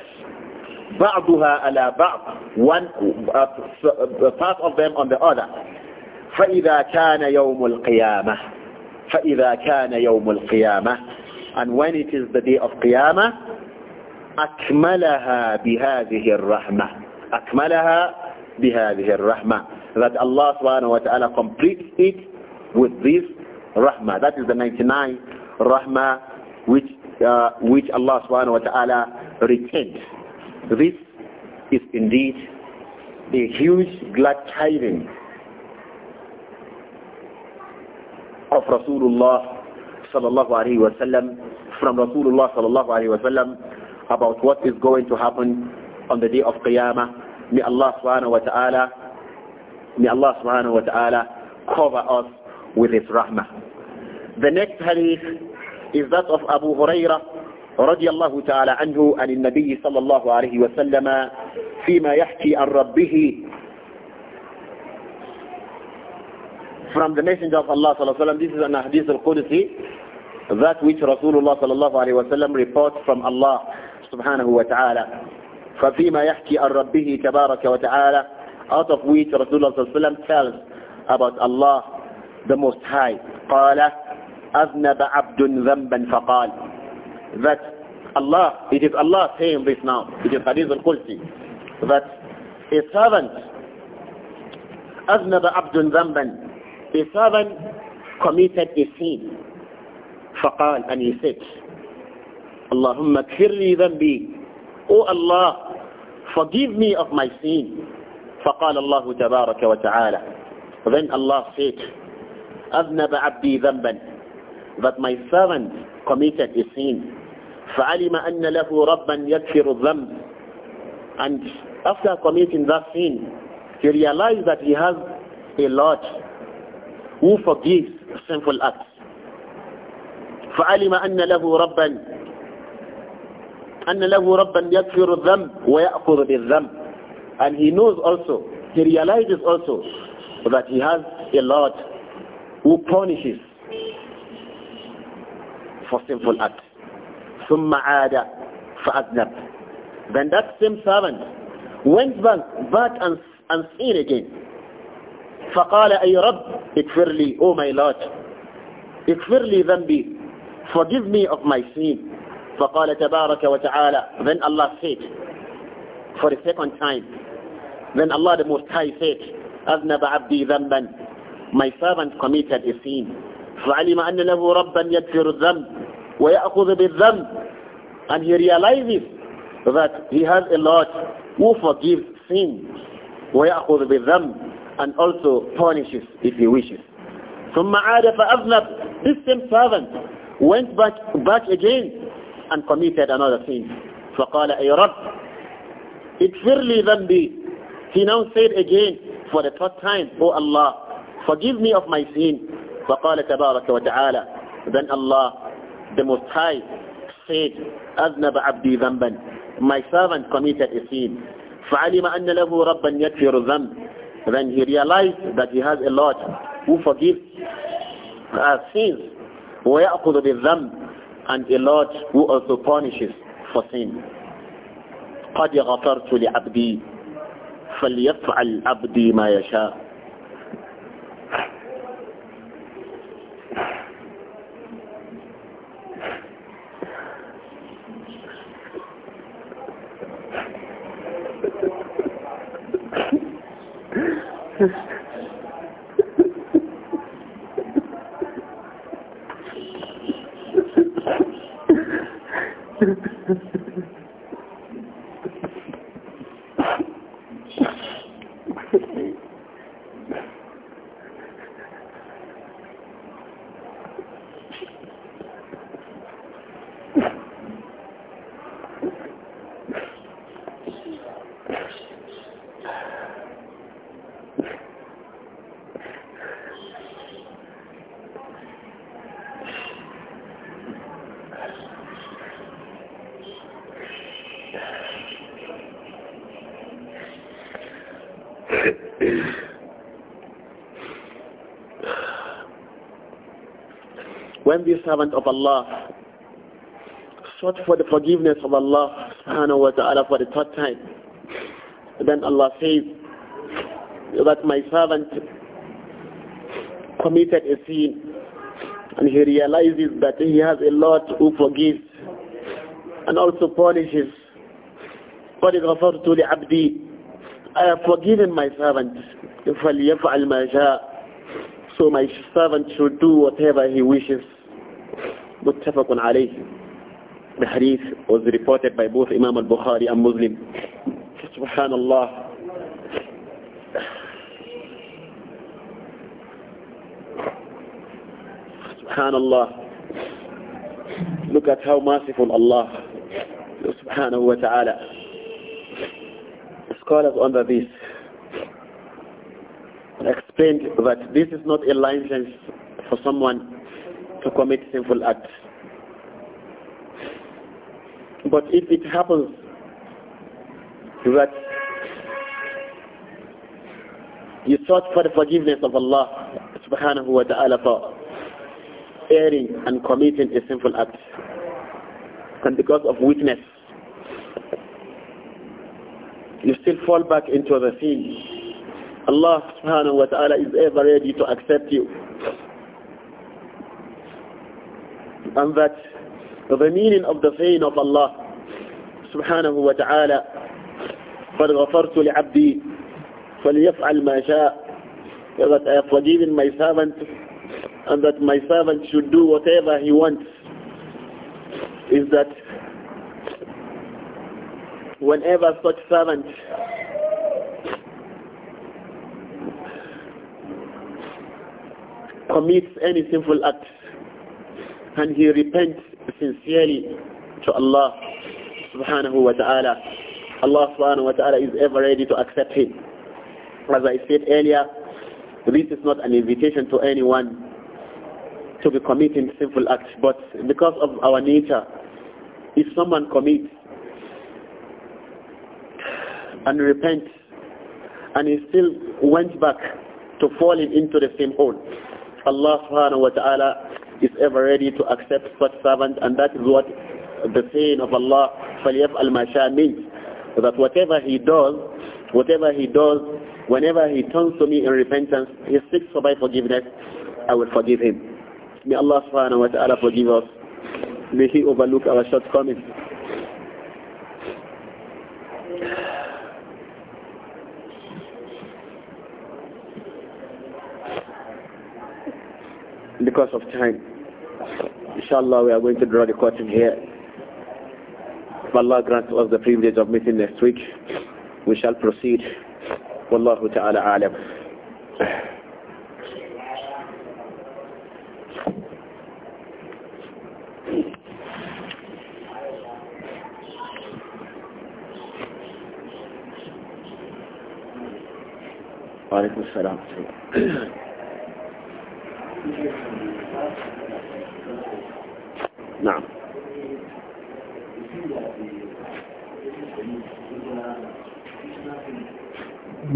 S1: بعضها على بعض one uh, uh part of them on the other فإذا كان يوم القيامة فإذا كان يوم القيامة and when it is the day of قيامة أكملها بهذه الرحمة أكملها بهذه الرحمة that Allah subhanahu wa ta'ala completes it with this rahmah that is the 99 rahmah which uh, which Allah subhanahu wa ta'ala retained this is indeed a huge glad tidings of Rasulullah sallallahu alayhi wa sallam from Rasulullah sallallahu alayhi wa sallam about what is going to happen on the day of Qiyamah. May Allah subhanahu wa ta'ala may Allah subhanahu wa ta'ala cover us with his rahmah. The next hadith is that of Abu Hurairah رضي الله تعالى عنه عن النبي صلى الله عليه وسلم فيما يحكي عن ربه from the Messenger of Allah sallallahu alaihi wasallam. This is an hadith al-Qudsi, that which Rasulullah sallallahu alaihi wasallam reports from Allah subhanahu wa ta'ala. فَفِيمَا يَحْكِي عَنْ رَبِّهِ تَبَارَكَ وَتَعَالى Out of which Rasulullah sallallahu alaihi wasallam tells about Allah the Most High. قَالَ أَذْنَبَ عَبْدٌ ذَنْبًا فَقَالَ That Allah, it is Allah saying this now. It is hadith al-Qudsi. That a servant أذنب عبد ذنبا The servant committed a sin فقال and he said اللهم اكفر لي ذنبي O Allah forgive me of my sin فقال الله تبارك وتعالى Then Allah said أذنب عبدي ذنبا that my servant committed a sin فعلم أن له ربا يكفر الذنب and after committing that sin he realized that he has a lot who forgives sinful acts. فعلم أن له ربا أن له ربا يغفر الذنب ويأخذ بالذنب and he knows also he realizes also that he has a Lord who punishes for sinful acts ثم عاد فأذنب then that same servant went back, back and, and sinned again فقال أي رب اكفر لي او my lord اكفر لي ذنبي forgive me of my sin فقال تبارك وتعالى then Allah said for the second time then Allah the Most High said أذنب عبدي ذنبا my servant committed a sin فعلم أن له ربا يكفر الذنب ويأخذ بالذنب and he realizes that he has a Lord who forgives sin ويأخذ بالذنب and also punishes if he wishes. ثم عاد فأذنب This same servant went back, back again and committed another sin. فقال أي رب اغفر لي ذنبي He now said again for the third time, O oh Allah, forgive me of my sin. فقال تبارك وتعالى Then Allah, the Most High, said, أذنب عبدي ذنبا My servant committed a sin. فعلم أن له ربا يكفر الذنب When he realized that he has a lot who forgive uh, sins, وَيَأْخُذُ بِالذَّنْبِ And a lot who also punishes for sin. قَدْ غَفَرْتُ لِعَبْدِي فَلْيَفْعَلْ عَبْدِي مَا يَشَاءُ when this servant of Allah sought for the forgiveness of Allah subhanahu wa ta'ala for the third time, then Allah says that my servant committed a sin and he realizes that he has a lot who forgives and also punishes. قَدْ غَفَرْتُ abdi? I have forgiven my servant. So my servant should do whatever he wishes. متفق عليه The hadith was reported by both Imam al-Bukhari and Muslim. Subhanallah. Subhanallah. Look at how merciful Allah subhanahu wa ta'ala. Scholars under this explained that this is not a license for someone to commit sinful acts. But if it happens that you sought for the forgiveness of Allah subhanahu wa ta'ala for erring and committing a sinful act and because of weakness you still fall back into the sin Allah subhanahu wa ta'ala is ever ready to accept you and that the meaning of the saying of Allah سبحانه وتعالى قد غفرت لعبدي فليفعل ما شاء that I have forgiven my servant and that my servant should do whatever he wants is that whenever such servant commits any sinful act and he repents sincerely to Allah subhanahu wa ta'ala. Allah subhanahu wa ta'ala is ever ready to accept him. As I said earlier, this is not an invitation to anyone to be committing sinful acts, but because of our nature, if someone commits and repents and he still went back to falling into the same hole, Allah subhanahu wa ta'ala is ever ready to accept such servant and that is what the saying of Allah, فَلْيَفْعَلْ al شَاءَ means that whatever he does, whatever he does, whenever he turns to me in repentance, he seeks for my forgiveness, I will forgive him. May Allah subhanahu wa ta'ala forgive us. May he overlook our shortcomings. Because of time. Inshallah, we are going to draw the curtain here. If Allah grants us the privilege of meeting next week, we shall proceed. Wallahu ta'ala alam.
S2: وعليكم السلام نعم He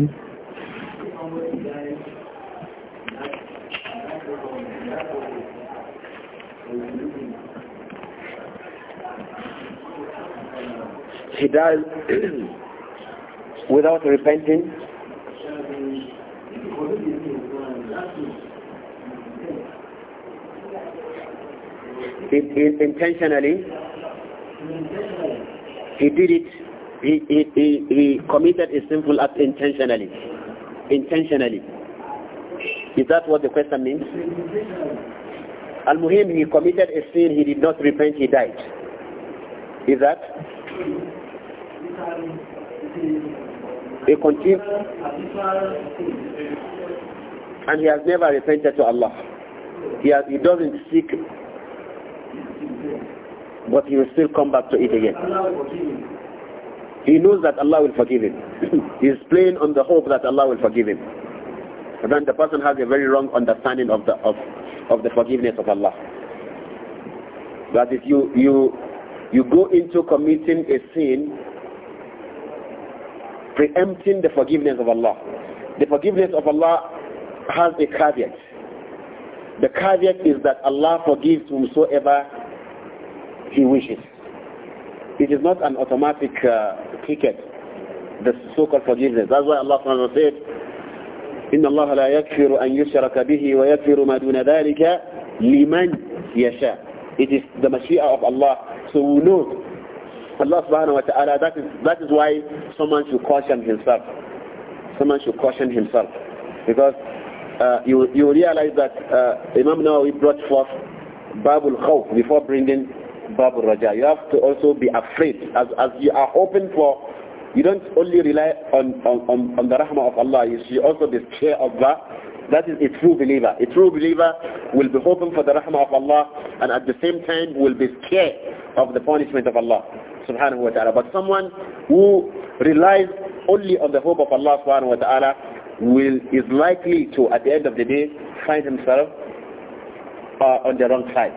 S1: does without repenting.
S2: It, it, intentionally,
S1: he did it he, he, he, he committed a sinful act intentionally. Intentionally. Is that what the question means? Al-Muhim, he committed a sin, he did not repent, he died. Is that? He continued. And he has never repented to Allah. He, has, he doesn't seek, but he will still come back to it again. He knows that Allah will forgive him. He's playing on the hope that Allah will forgive him. And then the person has a very wrong understanding of the, of, of the forgiveness of Allah. That if you, you, you go into committing a sin preempting the forgiveness of Allah. The forgiveness of Allah has a caveat. The caveat is that Allah forgives whomsoever He wishes. It is not an automatic uh, ticket, the so-called forgiveness. That's why Allah subhanahu wa ta'ala said, إن الله لا يكفر أن يشرك به ويكفر ما دون ذلك لمن It is the mashia of Allah. So we know Allah subhanahu wa ta'ala, that is, that is why someone should caution himself. Someone should caution himself. Because uh, you, you realize that uh, Imam Nawawi brought forth Babul Khawf before bringing Babu Raja. You have to also be afraid. As, as you are hoping for, you don't only rely on, on, on, on the rahmah of Allah, you should also be scared of that. That is a true believer. A true believer will be hoping for the rahmah of Allah and at the same time will be scared of the punishment of Allah subhanahu wa ta'ala. But someone who relies only on the hope of Allah subhanahu wa ta'ala will, is likely to, at the end of the day, find himself uh, on the wrong side.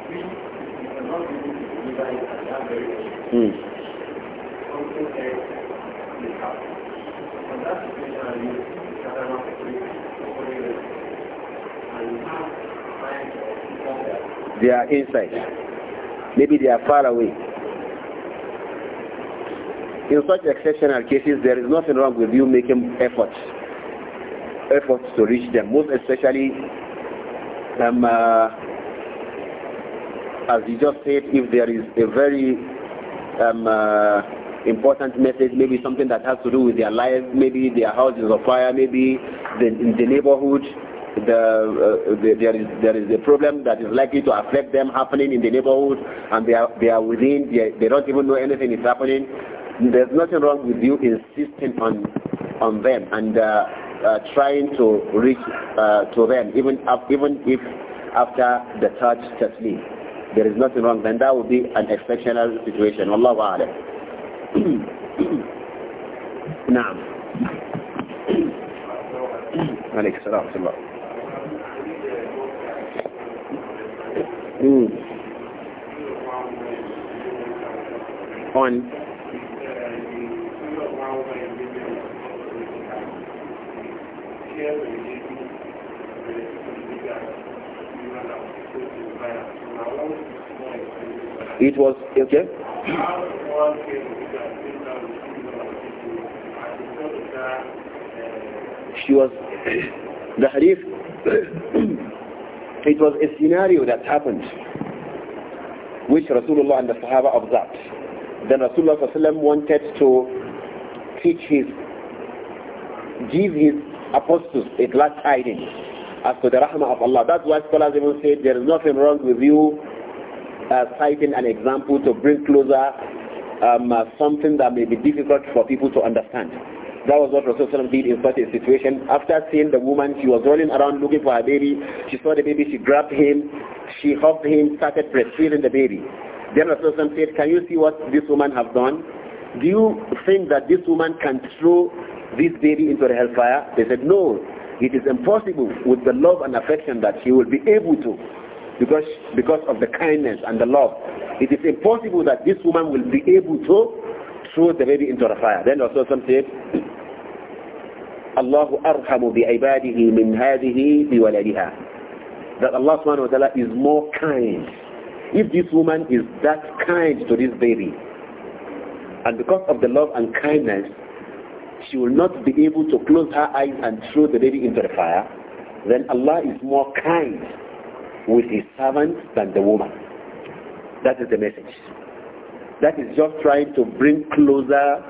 S1: Hmm. They are inside. Maybe they are far away. In such exceptional cases, there is nothing wrong with you making efforts, efforts to reach them, most especially um, uh, as you just said, if there is a very um, uh, important message, maybe something that has to do with their life, maybe their house is on fire, maybe the, in the neighborhood, the, uh, the, there is there is a problem that is likely to affect them happening in the neighborhood, and they are they are within they, they don't even know anything is happening. There's nothing wrong with you insisting on on them and uh, uh, trying to reach uh, to them, even even if after the third tasleem there is nothing wrong, then that would be an exceptional situation. Wallahu a'lam. نعم. Alaykum salam, ورحمة الله. Hmm. On It was, okay? She was, the hadith, it was a scenario that happened which Rasulullah and the Sahaba observed. Then Rasulullah wanted to teach his, give his apostles a glad tidings as to the rahmah of Allah. That's why scholars even say there is nothing wrong with you uh, citing an example to bring closer um, uh, something that may be difficult for people to understand. That was what Rasulullah did in such a situation. After seeing the woman, she was running around looking for her baby. She saw the baby, she grabbed him, she hugged him, started breastfeeding the baby. Then Rasulullah said, can you see what this woman has done? Do you think that this woman can throw this baby into the hellfire? They said, no, it is impossible with the love and affection that she will be able to because, because of the kindness and the love. It is impossible that this woman will be able to throw the baby into the fire. Then also some said, Allahu arhamu bi ibadihi min hadhihi bi waladiha. That Allah subhanahu wa ta'ala is more kind. If this woman is that kind to this baby, and because of the love and kindness, she will not be able to close her eyes and throw the baby into the fire, then Allah is more kind with his servant than the woman. That is the message. That is just trying to bring closer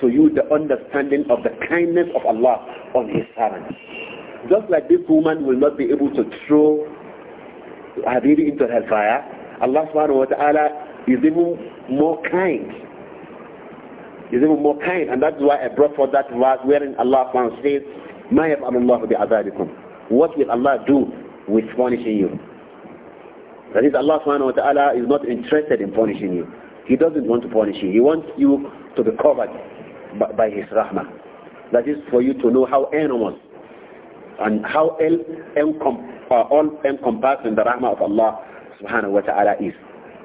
S1: to you the understanding of the kindness of Allah on his servant. Just like this woman will not be able to throw her baby into fire, Allah subhanahu wa ta'ala is even more kind is even more kind. And that's why I brought forth that verse wherein Allah says, مَا What will Allah do with punishing you? That is, Allah subhanahu wa ta'ala is not interested in punishing you. He doesn't want to punish you. He wants you to be covered by, by His rahmah. That is for you to know how enormous and how uh, all-encompassing the rahmah of Allah subhanahu wa ta'ala is.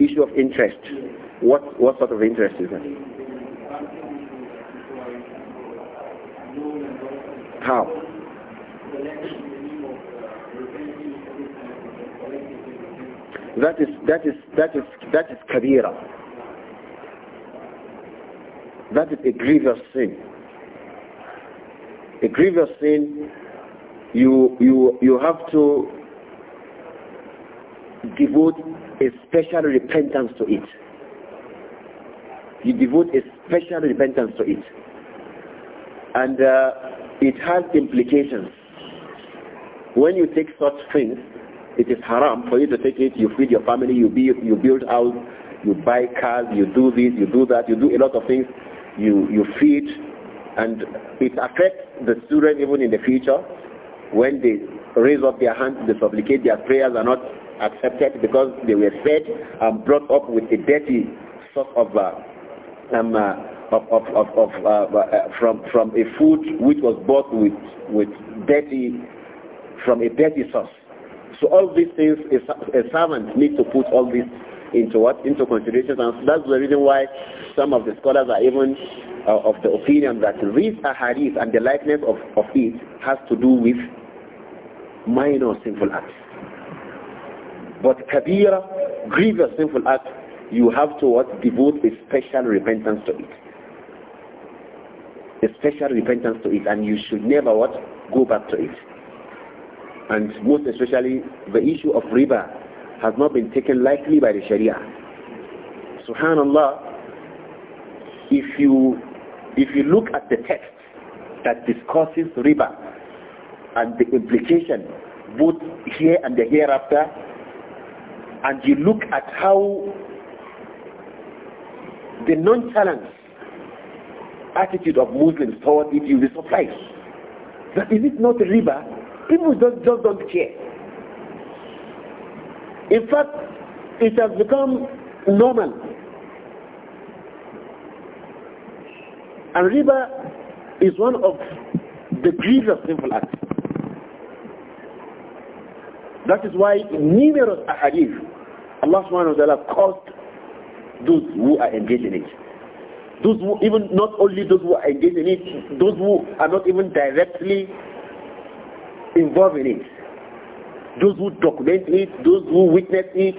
S1: issue of interest. What, what sort of interest is that? How? That is that is that is that is kabira. That is a grievous sin. A grievous sin. You you you have to devote a special repentance to it. You devote a special repentance to it. And uh, it has implications. When you take such things, it is haram for you to take it. You feed your family, you, be, you build house, you buy cars, you do this, you do that, you do a lot of things. You, you feed, and it affects the children even in the future when they raise up their hands, they supplicate, their prayers are not accepted because they were fed and brought up with a dirty sort of uh, um, uh, of, of, of, of uh, from from a food which was bought with with dirty from a dirty source. So all these things, a, servant needs to put all this into what? Into consideration. And that's the reason why some of the scholars are even uh, of the opinion that these hadith and the likeness of, of it has to do with minor sinful acts. But kabira, grievous sinful act, you have to what? Devote a special repentance to it. A special repentance to it. And you should never what? Go back to it. And most especially, the issue of riba has not been taken lightly by the Sharia. Subhanallah, if you, if you look at the text that discusses riba and the implication both here and the hereafter, and you look at how the nonchalant attitude of Muslims toward it, you'll be surprised. That is it not river? People just, just don't care. In fact, it has become normal. And river is one of the grievous sinful acts. That is why numerous ahadith, Allah subhanahu wa ta'ala caused those who are engaged in it. Those who, even not only those who are engaged in it, those who are not even directly involved in it. Those who document it, those who witness it.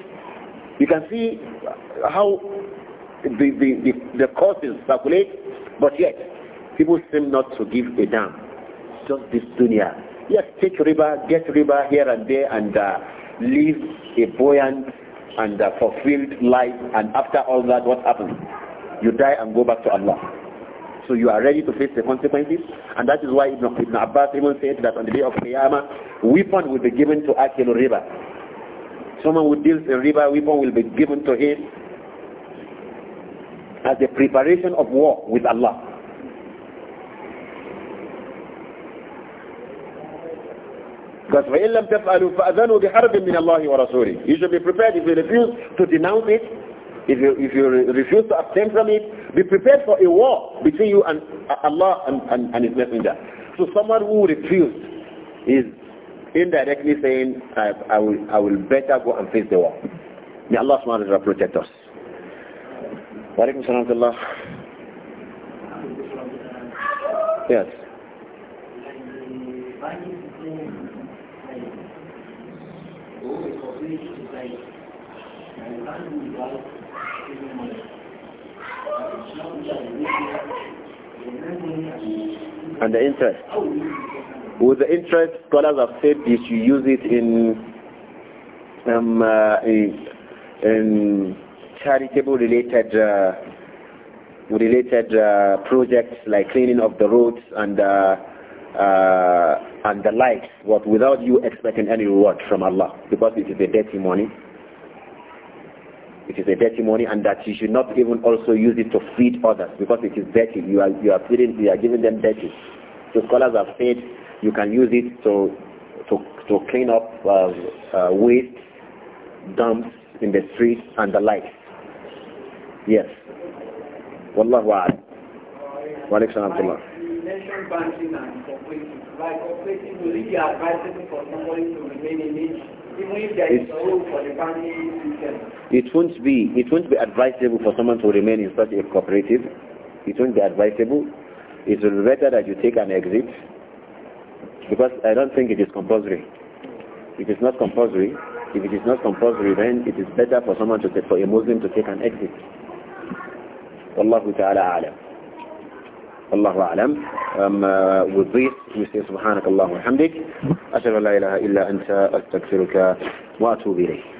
S1: You can see how the, the, the, the causes circulate, but yet people seem not to give a damn. Just this dunya Yes, take riba, get riba here and there and uh, live a buoyant and uh, fulfilled life and after all that what happens? You die and go back to Allah. So you are ready to face the consequences and that is why Ibn, Ibn Abbas even said that on the day of Qiyamah, weapon will be given to Akil riba. Someone who deals in riba, weapon will be given to him as a preparation of war with Allah. Because وَإِلَّمْ تَفْعَلُوا فَأَذَنُوا بِحَرْبٍ مِّنَ اللَّهِ وَرَسُولِهِ You should be prepared if you refuse to denounce it, if you, if you refuse to abstain from it, be prepared for a war between you and uh, Allah and, and, and His Messenger. So someone who refused is indirectly saying, I, I, will, I will better go and face the war. May Allah subhanahu wa ta'ala protect us. Wa alaikum salam Yes. And the interest. With the interest, scholars have said you should use it in, um, uh, in,
S2: in,
S1: charitable related uh, related uh, projects like cleaning of the roads and uh, uh and the likes, but without you expecting any reward from Allah, because it is a dirty money. It is a dirty money and that you should not even also use it to feed others because it is dirty. You are, you are feeding, you are giving them dirty. So scholars have said you can use it to, to, to clean up uh, uh, waste, dumps in the streets and the like. Yes. Wallahu a'lam. Wa alaikum salam.
S2: banking and cooperating. Like cooperating, will it be advisable for somebody to remain in it it,
S1: won't be it won't be advisable for someone to remain in such a cooperative. It won't be advisable. It will be better that you take an exit because I don't think it is compulsory. It is not compulsory. If it is not compulsory, then it is better for someone to take, for a Muslim to take an exit. Wallahu ta'ala alam. الله أعلم وضيف يسير آه، سبحانك اللهم وبحمدك أشهد أن لا إله إلا أنت أستغفرك وأتوب إليك